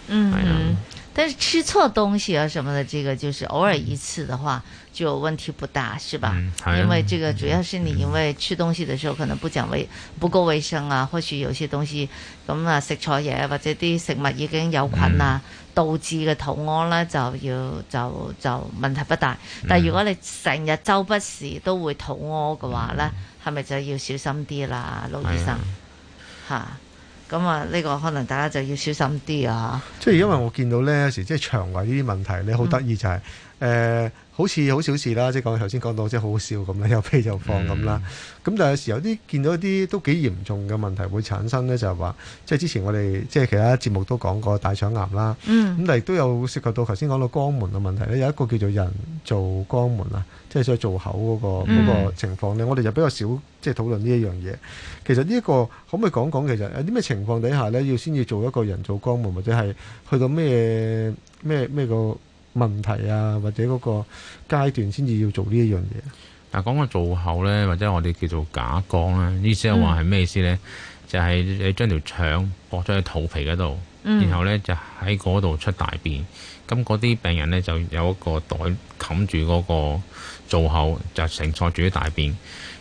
嗯。但是吃錯東西啊，什麼的，這個就是偶爾一次的話、嗯、就問題不大，是吧、嗯是啊？因為這個主要是你因為吃東西的時候、嗯、可能不講衛、嗯、不夠衛生啊，或許有些東西咁啊食錯嘢或者啲食物已經有菌啊，嗯、導致嘅肚屙呢，就要就就問題不大。但如果你成日、嗯、周不時都會肚屙嘅話呢，係、嗯、咪就要小心啲啦、啊，老醫生，吓、啊。咁啊，呢個可能大家就要小心啲啊！嗯、即係因為我見到咧，有時即係腸胃呢啲問題咧，好得意就係、係、誒。嗯呃好似好小事啦，即係講頭先講到即係好好笑咁啦，有屁就放咁啦。咁、嗯、但係有時有啲見到啲都幾嚴重嘅問題會產生咧，就係、是、話即係之前我哋即係其他節目都講過大腸癌啦。嗯，咁但係都有涉及到頭先講到肛門嘅問題咧，有一個叫做人造肛門啊，即係所謂造口嗰、那個那個情況咧。我哋就比較少即係討論呢一樣嘢。其實呢、這、一個可唔可以講講其實有啲咩情況底下咧，要先要做一個人造肛門或者係去到咩咩咩個？問題啊，或者嗰個階段先至要做，做呢一樣嘢。嗱，講個造口咧，或者我哋叫做假肛咧，意思係話係咩意思咧？嗯、就係你將條腸駁咗喺肚皮嗰度，然後咧就喺嗰度出大便。咁嗰啲病人咧就有一個袋冚住嗰個造口，就承載住啲大便。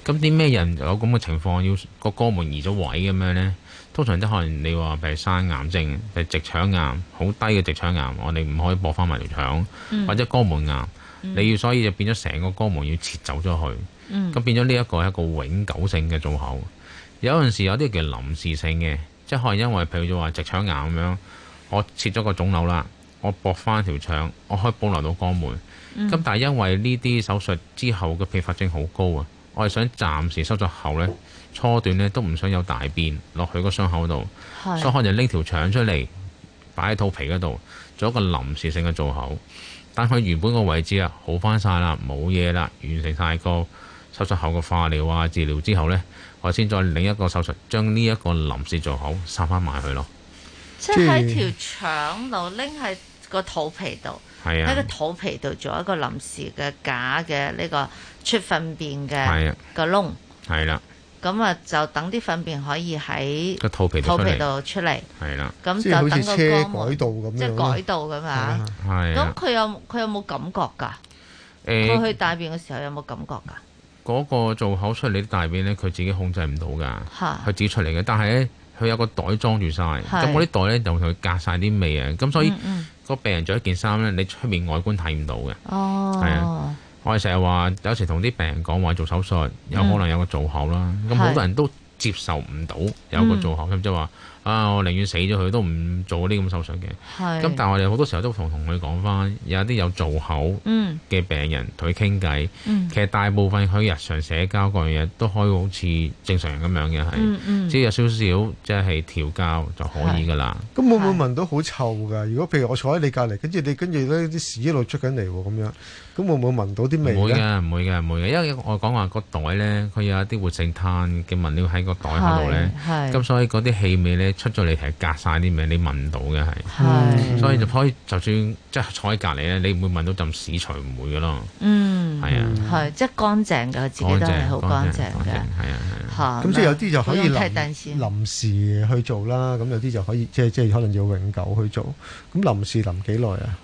咁啲咩人有咁嘅情況，要個肛門移咗位咁樣咧？通常即可能你話，譬如生癌症，係直腸癌，好低嘅直腸癌，我哋唔可以駁翻埋條腸、嗯，或者肛門癌，你、嗯、要所以就變咗成個肛門要切走咗佢。咁、嗯、變咗呢一個係一個永久性嘅造口。有陣時有啲叫臨時性嘅，即係可能因為譬如話直腸癌咁樣，我切咗個腫瘤啦，我駁翻條腸，我可以保留到肛門。咁、嗯、但係因為呢啲手術之後嘅併發症好高啊，我係想暫時收咗口呢。初段咧都唔想有大便落去個傷口度，所以我就拎條腸出嚟，擺喺肚皮嗰度，做一個臨時性嘅造口。但佢原本個位置啊，好翻晒啦，冇嘢啦，完成晒個手術後嘅化療啊治療之後呢，我先再另一個手術將呢一個臨時造口收翻埋去咯。即係喺條腸度拎喺個肚皮度，喺個肚皮度做一個臨時嘅假嘅呢、呢個出糞便嘅、個窿。係啦。咁啊，就等啲糞便可以喺個肚皮肚皮度出嚟，係啦。咁就等個車改道咁，即係改道噶嘛。係。咁佢有佢有冇感覺噶？佢、欸、去大便嘅時候有冇感覺噶？嗰、嗰個造口出嚟啲大便咧，佢自己控制唔到噶，佢自己出嚟嘅。但係咧，佢有個袋裝住晒，咁我啲袋咧就同佢隔晒啲味啊。咁所以嗯嗯、嗰個病人著一件衫咧，你出面外觀睇唔到嘅。哦。係啊。我哋成日話，有時同啲病人講話做手術，有可能有個造口啦。咁、嗯、好多人都接受唔到有個造口，咁即係話啊，我寧願死咗佢都唔做嗰啲咁手術嘅。咁但係我哋好多時候都同同佢講翻，有啲有造口嘅病人同佢傾偈，其實大部分佢日常社交各樣嘢都可以好似正常人咁樣嘅，係、嗯。即、嗯、係有少少即係調教就可以噶啦。咁會唔會聞到好臭噶？如果譬如我坐喺你隔籬，跟住你跟住呢啲屎一路出緊嚟咁樣。都會唔會聞到啲味？唔會嘅，唔會嘅，唔會嘅。因為我講話個袋咧，佢有一啲活性炭嘅物料喺個袋度咧。咁所以嗰啲氣味咧，出咗嚟係隔晒啲味，你聞到嘅係。係。所以就可以，就算即係坐喺隔籬咧，你唔會聞到陣屎臭味，唔會嘅咯。嗯，係。係即係乾淨嘅，自己都係好乾淨嘅。係啊，係啊，嚇。咁即係有啲就可以臨臨時去做啦。咁有啲就可以即係即係可能要永久去做。咁臨時臨幾耐啊？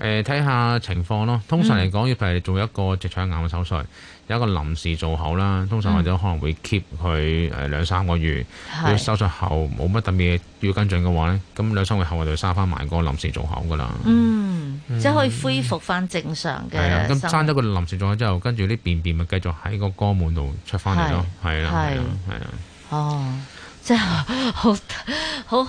誒睇下情況咯。通常嚟講，要譬如做一個直腸癌嘅手術，嗯，有一個臨時做口啦。通常或者可能會 keep 佢誒兩三個月。要、嗯、手術後冇乜特別要跟進嘅話咧，咁兩三個月後我就閂翻埋個臨時做口噶啦，嗯。嗯，即係可以恢復翻正常嘅。咁、啊、閂咗個臨時做口之後，跟住啲便便咪繼續喺個肛門度出翻嚟咯。係啦，係啦，啊，係啦，啊啊啊啊。哦，即係好好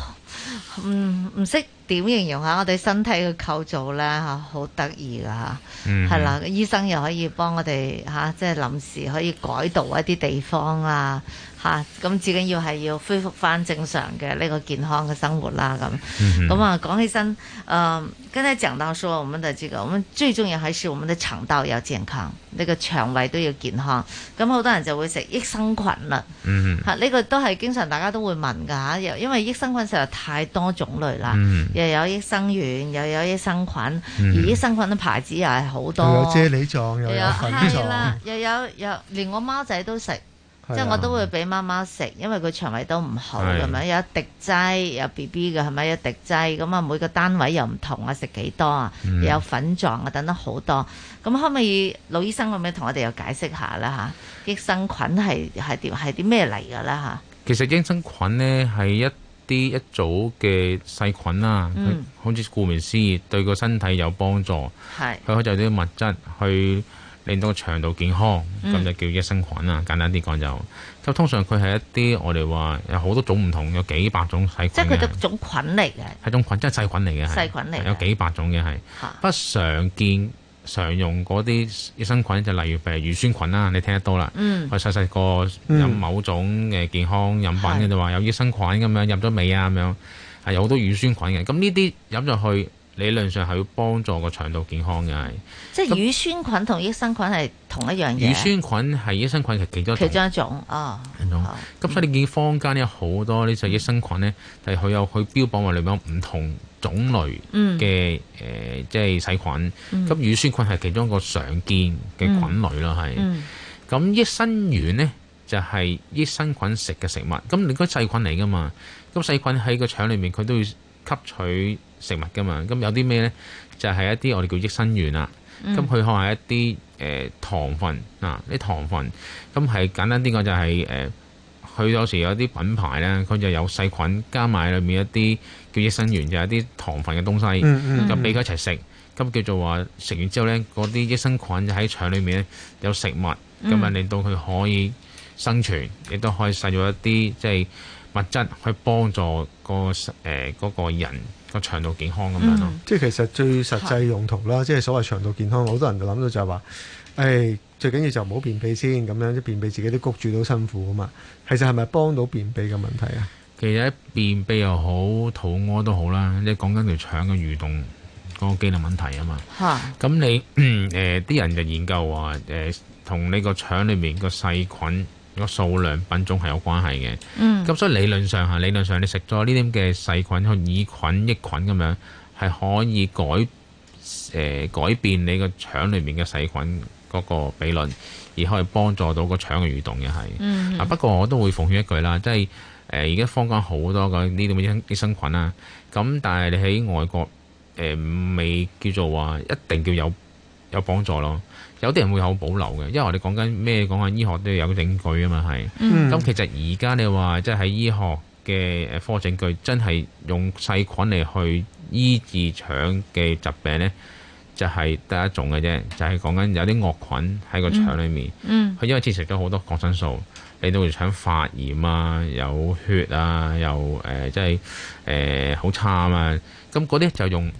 唔唔識。嗯。點形容下我哋身體嘅構造呢？嚇、啊，好得意㗎嚇，係、mm-hmm. 啦，醫生又可以幫我哋嚇，即、啊、係、就是、臨時可以改道一啲地方啊。嚇！咁至緊要係要恢復翻正常嘅呢個健康嘅生活啦，咁咁啊講起身，誒，跟住講到說，我們就知道，我們最重要係説我們的腸道要健康，呢個腸胃都要健康。咁好多人就會食益生菌啦，嚇！呢個都係經常大家都會問噶嚇，因為益生菌實在太多種類啦，又有益生元，又有益生菌，而益生菌嘅牌子又係好多，又有啫喱狀，又有粉狀，又有有連我貓仔都食。即係我都會俾媽媽食，因為佢腸胃都唔好，咁樣有一滴劑有 B B 嘅，係咪有一滴劑咁啊？每個單位又唔同啊，食幾多啊？又有粉狀啊，等等好多。咁、嗯、可唔可以老醫生可唔可以同我哋又解釋下啦嚇？益生菌係係點係啲咩嚟㗎咧嚇？其實益生菌咧係一啲一組嘅細菌啦，嗯、好似顧名思義對個身體有幫助，佢好似有啲物質去。令到腸道健康，咁就叫益生菌啊、嗯。簡單啲講就，咁通常佢係一啲我哋話有好多種唔同，有幾百種細菌。即係佢係種菌嚟嘅，係種菌，即係細菌嚟嘅。細菌嚟。有幾百種嘅係。不、啊、常見常用嗰啲益生菌就例如譬如乳酸菌啦，你聽得多啦。嗯。佢細細個飲某種嘅健康飲品嘅、嗯，就話、係、有益生菌咁樣入咗味啊咁樣，係有好多乳酸菌嘅。咁呢啲飲咗去。理論上係會幫助個腸道健康嘅，係。即係乳酸菌同益生菌係同一樣嘢。乳酸菌係益生菌，係其中一種，中一種哦。咁所以你見坊間呢有好多呢啲益生菌咧，係佢有佢標榜話裡面有唔同種類嘅誒、嗯呃，即係細菌。咁、嗯、乳酸菌係其中一個常見嘅菌類咯，係、嗯。咁、嗯、益生元咧就係、是、益生菌食嘅食物，咁你嗰細菌嚟噶嘛？咁細菌喺個腸裏面佢都要吸取。食物噶嘛，咁有啲咩咧？就係、是、一啲我哋叫益生元啦。咁佢、嗯、可能係一啲誒、呃、糖分啊，啲糖分咁係、嗯嗯、簡單啲講、就是，就係誒佢有時有啲品牌咧，佢就有細菌加埋裏面一啲叫益生元，就係、是、啲糖分嘅東西咁俾佢一齊食。咁、嗯、叫做話食完之後咧，嗰啲益生菌就喺腸裏面咧有食物咁啊，令到佢可以生存，亦都可以製造一啲即係物質去幫助、那個誒嗰、呃那個人。個腸道健康咁樣咯，嗯、即係其實最實際用途啦，的即係所謂腸道健康。好多人就諗到就係話，誒、哎，最緊要就唔好便秘先咁樣，便秘自己都谷住都辛苦啊嘛。其實係咪幫到便秘嘅問題啊？其實便秘又好，肚屙都好啦。你講緊條腸嘅蠕動嗰個機能問題啊嘛。咁的你誒，啲、呃、人就研究話，誒、呃，同你個腸裏面個細菌。個數量品種係有關係嘅，咁、嗯、所以理論上吓，理論上你食咗呢啲嘅細菌，佢以菌益菌咁樣，係可以改誒、呃、改變你個腸裏面嘅細菌嗰個比率，而可以幫助到個腸嘅蠕動嘅係。啊、嗯，不過我都會奉勸一句啦，即係誒而家坊間好多嘅呢啲咁嘅益生菌啦，咁、啊、但係你喺外國誒、呃、未叫做話一定要有。有幫助咯，有啲人會有保留嘅，因為我哋講緊咩，講緊醫學都要有證據啊嘛，係咁、嗯。其實而家你話即係喺醫學嘅科學證據，真係用細菌嚟去醫治腸嘅疾病呢，就係、是、第一種嘅啫。就係講緊有啲惡菌喺個腸裏面，佢、嗯嗯、因為之前食咗好多抗生素，你都會腸發炎啊，有血啊，又即係好差啊嘛。咁嗰啲就用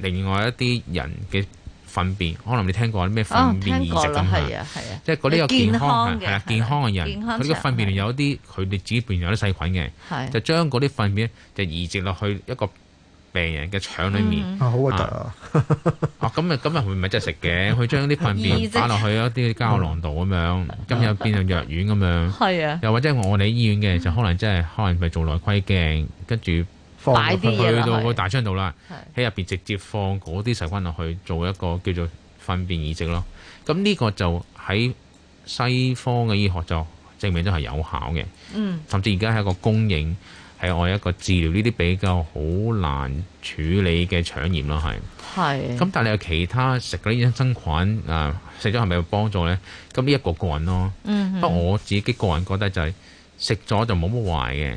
另外一啲人嘅。糞便可能你聽過啲咩糞便移植咁啊？即係嗰啲有健康嘅，係健康嘅人，佢個糞便有啲佢哋自己變有啲細菌嘅，就將嗰啲糞便就移植落去一個病人嘅腸裡面。好核突啊！啊，咁啊，今日佢唔係真係食嘅，佢將啲糞便擺落去一啲膠囊度咁樣，咁又變成藥丸咁樣。係啊，又或者我哋醫院嘅就可能真係可能係做內窺鏡，跟住，放，放去到個大腸度啦，喺入邊直接放嗰啲細菌落去做一個叫做糞便移植咯。咁呢個就喺西方嘅醫學就證明都係有效嘅。嗯，甚至而家係一個供應，係我一個治療呢啲比較好難處理嘅腸炎咯，係。係。咁但係你有其他食嗰啲益生菌啊，食咗係咪有幫助咧？咁呢一個個人咯。嗯。不過我自己個人覺得就係食咗就冇乜壞嘅。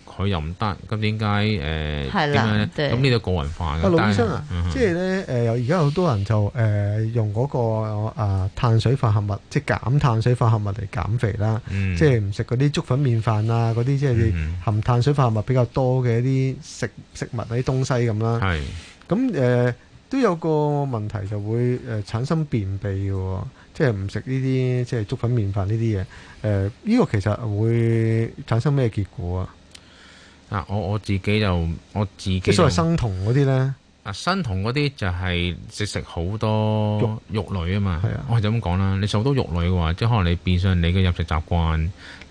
佢又唔得咁點解？誒，點解咧？咁呢個個人化嘅。老醫生啊，即係咧，誒，而家有好多人就誒用嗰個啊碳水化合物，即係減碳水化合物嚟減肥啦。嗯。即係唔食嗰啲粥粉麵飯啊，嗰啲即係含碳水化合物比較多嘅一啲食食物啲東西咁啦。係。咁誒都有個問題，就會誒產生便秘嘅。即係唔食呢啲，即係粥粉麵飯呢啲嘢。誒，呢個其實會產生咩結果啊？嗱，我我自己就我自己，所謂生酮嗰啲咧。啊，生酮嗰啲就係食食好多肉肉類啊嘛。係啊，我係咁講啦。你食好多肉類嘅話，即可能你變相你嘅飲食習慣，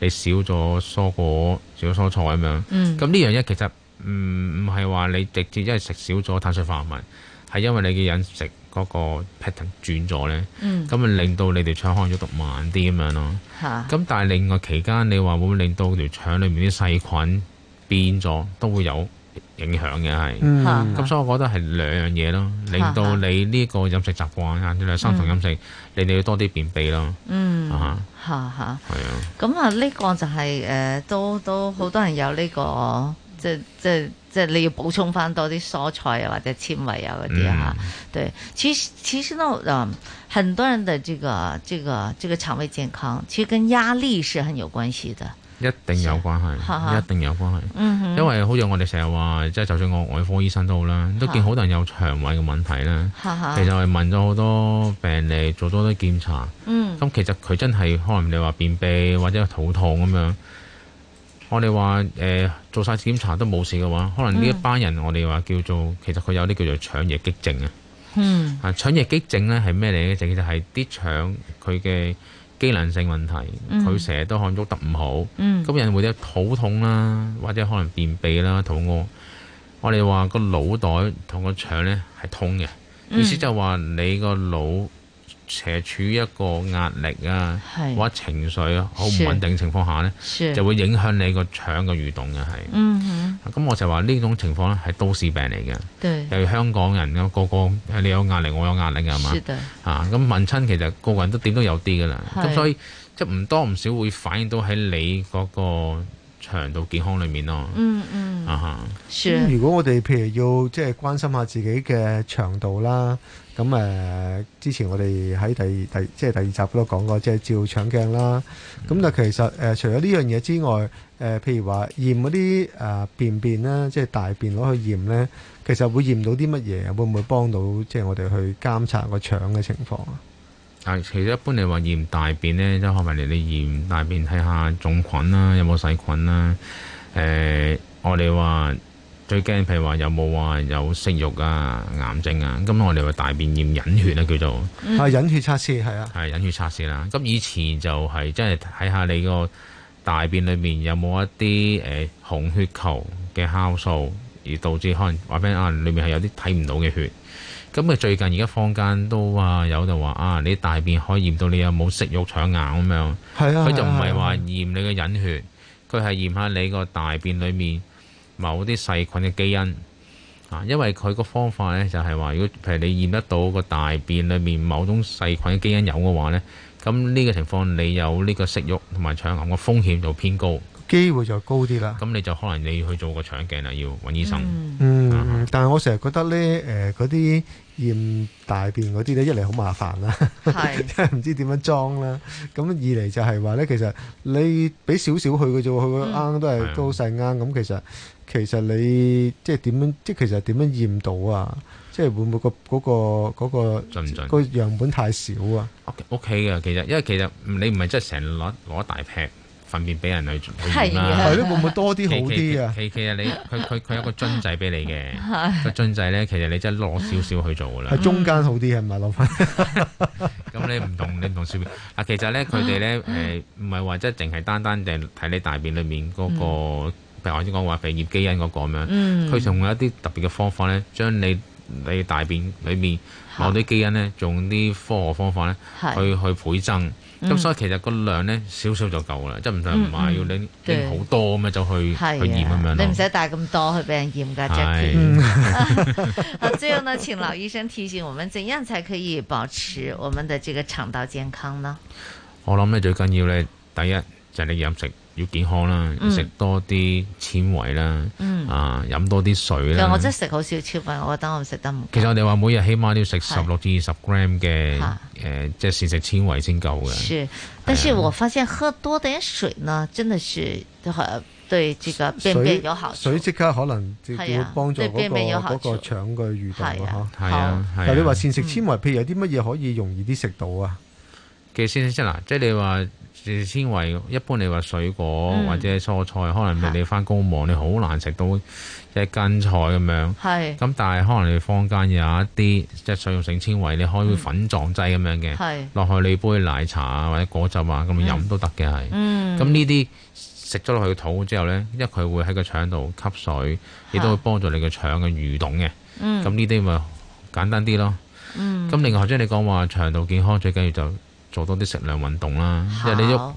你少咗蔬果，少咗蔬菜咁樣。嗯。咁呢樣嘢其實唔唔係話你直接因為食少咗碳水化合物，係因為你嘅飲食嗰個 pattern 轉咗咧。嗯。咁啊，令到你條腸康咗毒慢啲咁樣咯。嚇、嗯。咁但係另外期間，你話會唔會令到條腸裏面啲細菌？變咗都會有影響嘅係，咁、嗯嗯嗯、所以我覺得係兩樣嘢咯，令到你呢個飲食習慣啊，呢兩三種飲食，你哋要多啲便秘咯。嗯，嚇嚇。係、嗯、啊，咁、嗯、啊呢、嗯、個就係、是、誒、呃，都都好多人有呢、這個，即即即你要補充翻多啲蔬菜啊，或者纖維啊嗰啲嚇。對，其實其實呢，誒、呃、很多人的呢、這個呢、這個呢、這個腸胃健康，其實跟壓力是很有關係嘅。一定有關係，一定有關係。嗯、哼因為好似我哋成日話，即係就算我外科醫生都好啦，都見好多人有腸胃嘅問題啦。嗯、哼其實我哋問咗好多病例，做咗啲檢查。咁、嗯、其實佢真係可能你話便秘或者肚痛咁樣，我哋話誒做晒檢查都冇事嘅話，可能呢一班人、嗯、我哋話叫做其實佢有啲叫做腸易激症、嗯、啊。啊腸易激症咧係咩嚟嘅？就其實係啲腸佢嘅。機能性問題，佢成日都看喐得唔好，咁、嗯、人或者肚痛啦，或者可能便秘啦、肚屙。我哋話個腦袋同個腸咧係通嘅，意思就話你個腦。邪處一個壓力啊，或者情緒啊，好唔穩定情況下咧，就會影響你個腸嘅蠕動嘅係。嗯哼。咁我就話呢種情況咧係都市病嚟嘅。對。例如香港人咁個個你有壓力我有壓力嘅係嘛？啊，咁問親其實個個人都點都有啲嘅啦。咁所以即係唔多唔少會反映到喺你嗰個腸道健康裏面咯。嗯嗯。啊哈、嗯。如果我哋譬如要即係關心下自己嘅腸道啦。咁、嗯、誒，之前我哋喺第第即係第二集都講過，即係照腸鏡啦。咁、嗯、但其實誒、呃，除咗呢樣嘢之外，誒、呃、譬如話驗嗰啲誒便便啦，即係大便攞去驗咧，其實會驗到啲乜嘢？會唔會幫到即係我哋去監察個腸嘅情況啊？啊，其實一般嚟話驗大便咧，即係可能你你驗大便睇下種菌啦，有冇細菌啦？誒、呃，我哋話。最驚，譬如話有冇話有息肉啊、癌症啊，咁我哋話大便驗隱血咧、啊、叫做，係、嗯、隱血測試係啊，係隱血測試啦。咁以前就係、是、真係睇下你個大便裏面有冇一啲誒、呃、紅血球嘅酵素，而導致可能話咩啊，裏面係有啲睇唔到嘅血。咁佢最近而家坊間都話有就話啊，你的大便可以驗到你有冇息肉腸癌咁樣，係啊，佢就唔係話驗你嘅隱血，佢係、啊啊、驗下你個大便裏面。某啲細菌嘅基因啊，因為佢個方法呢，就係話，如果譬如你驗得到個大便裏面某種細菌嘅基因有嘅話呢，咁呢個情況你有呢個息肉同埋腸癌嘅風險就偏高，機會就高啲啦。咁你就可能你要去做個腸鏡啦，要揾醫生。嗯嗯，但係我成日覺得呢誒嗰啲。呃驗大便嗰啲咧，一嚟好麻煩啦，即係唔知點樣裝啦。咁二嚟就係話咧，其實你俾少少去嘅啫喎，佢啱啱都係的都好細啱。咁其實其實你即係點樣？即係其實點樣驗到啊？即係會唔會、嗰個、嗰個準唔準？個樣本太少啊。O K O K 嘅，其實因為其實你唔係真係成日攞攞大劈。糞便俾人去做啦，係會唔會多啲好啲啊？些些其其實你佢佢佢有個樽仔俾你嘅，個樽仔咧，其實你真係攞少少去做噶啦。係 中間好啲嘅，唔係攞翻。咁你唔同你唔同小啊？其實咧，佢哋咧誒，唔係話即係淨係單單定睇你大便裏面嗰個，譬如我先講話肺炎基因嗰個咁樣。佢仲有一啲特別嘅方法咧，將你你大便裏面攞啲基因咧，用啲科學方法咧，去去倍增。咁、嗯、所以其實個量咧少少就夠啦、嗯，即係唔使唔買要拎變好多咁樣就去、啊、去驗咁樣，你唔使帶咁多去俾人驗噶、 啊。最後呢，請老醫生提醒我們，怎樣才可以保持我們的這個腸道健康呢？我諗咧最緊要咧，第一就係、是、你飲食。要健康啦，食多啲纖維啦、嗯，啊，飲多啲水啦。其實我真係食好少纖維，我覺得我食得唔。其實我哋話每日起碼都要食十六至二十 gram 嘅誒，即係膳食纖維先夠嘅。但是我發現喝多啲水呢，真係是對自己便便有效。水即刻可能就叫幫助嗰、嗰個嗰、啊嗰個腸嘅蠕動啊！係啊，啊，但你話膳食纖維，譬如有啲乜嘢可以容易啲食到啊？其實先先啦，即係你話。膳食纖維一般你話水果或者蔬菜，嗯、可能高你翻工忙你好難食到一斤菜咁樣。係。咁但係可能你坊間有一啲即係水溶性纖維，你可以開粉狀劑咁樣嘅，落、嗯、去你杯奶茶啊或者果汁啊咁飲都得嘅係。嗯。咁呢啲食咗落去個肚之後咧，因為佢會喺個腸度吸水，亦都會幫助你個腸嘅蠕動嘅。嗯。咁呢啲咪簡單啲咯。嗯。咁另外頭先你講話腸道健康最緊要就。做多啲適量運動啦，因為、就是、你喐。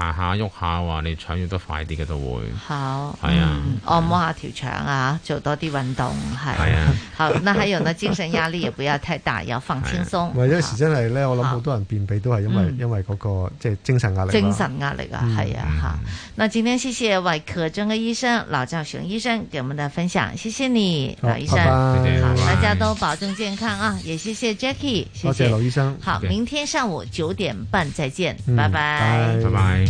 下下喐下哇，你腸要得快啲嘅都會。好，係啊，嗯，按摩下條腸啊，做多啲運動。係，啊，係啊，好。那還有呢精神壓力也不要太大，要放輕鬆。喂，啊，有時真係咧，我諗好多人便秘都係因為、嗯、因為嗰、那個即係精神壓力。精神壓力啊，係，嗯、啊嚇。那今天謝謝外科專科醫生老兆雄醫生給我們的分享，謝謝你老醫生拜拜。好，大家都保重健康啊！也謝謝 Jackie 多謝，謝，謝，謝老醫生。好，明天上午九點半再見，嗯，拜拜，拜拜。拜拜。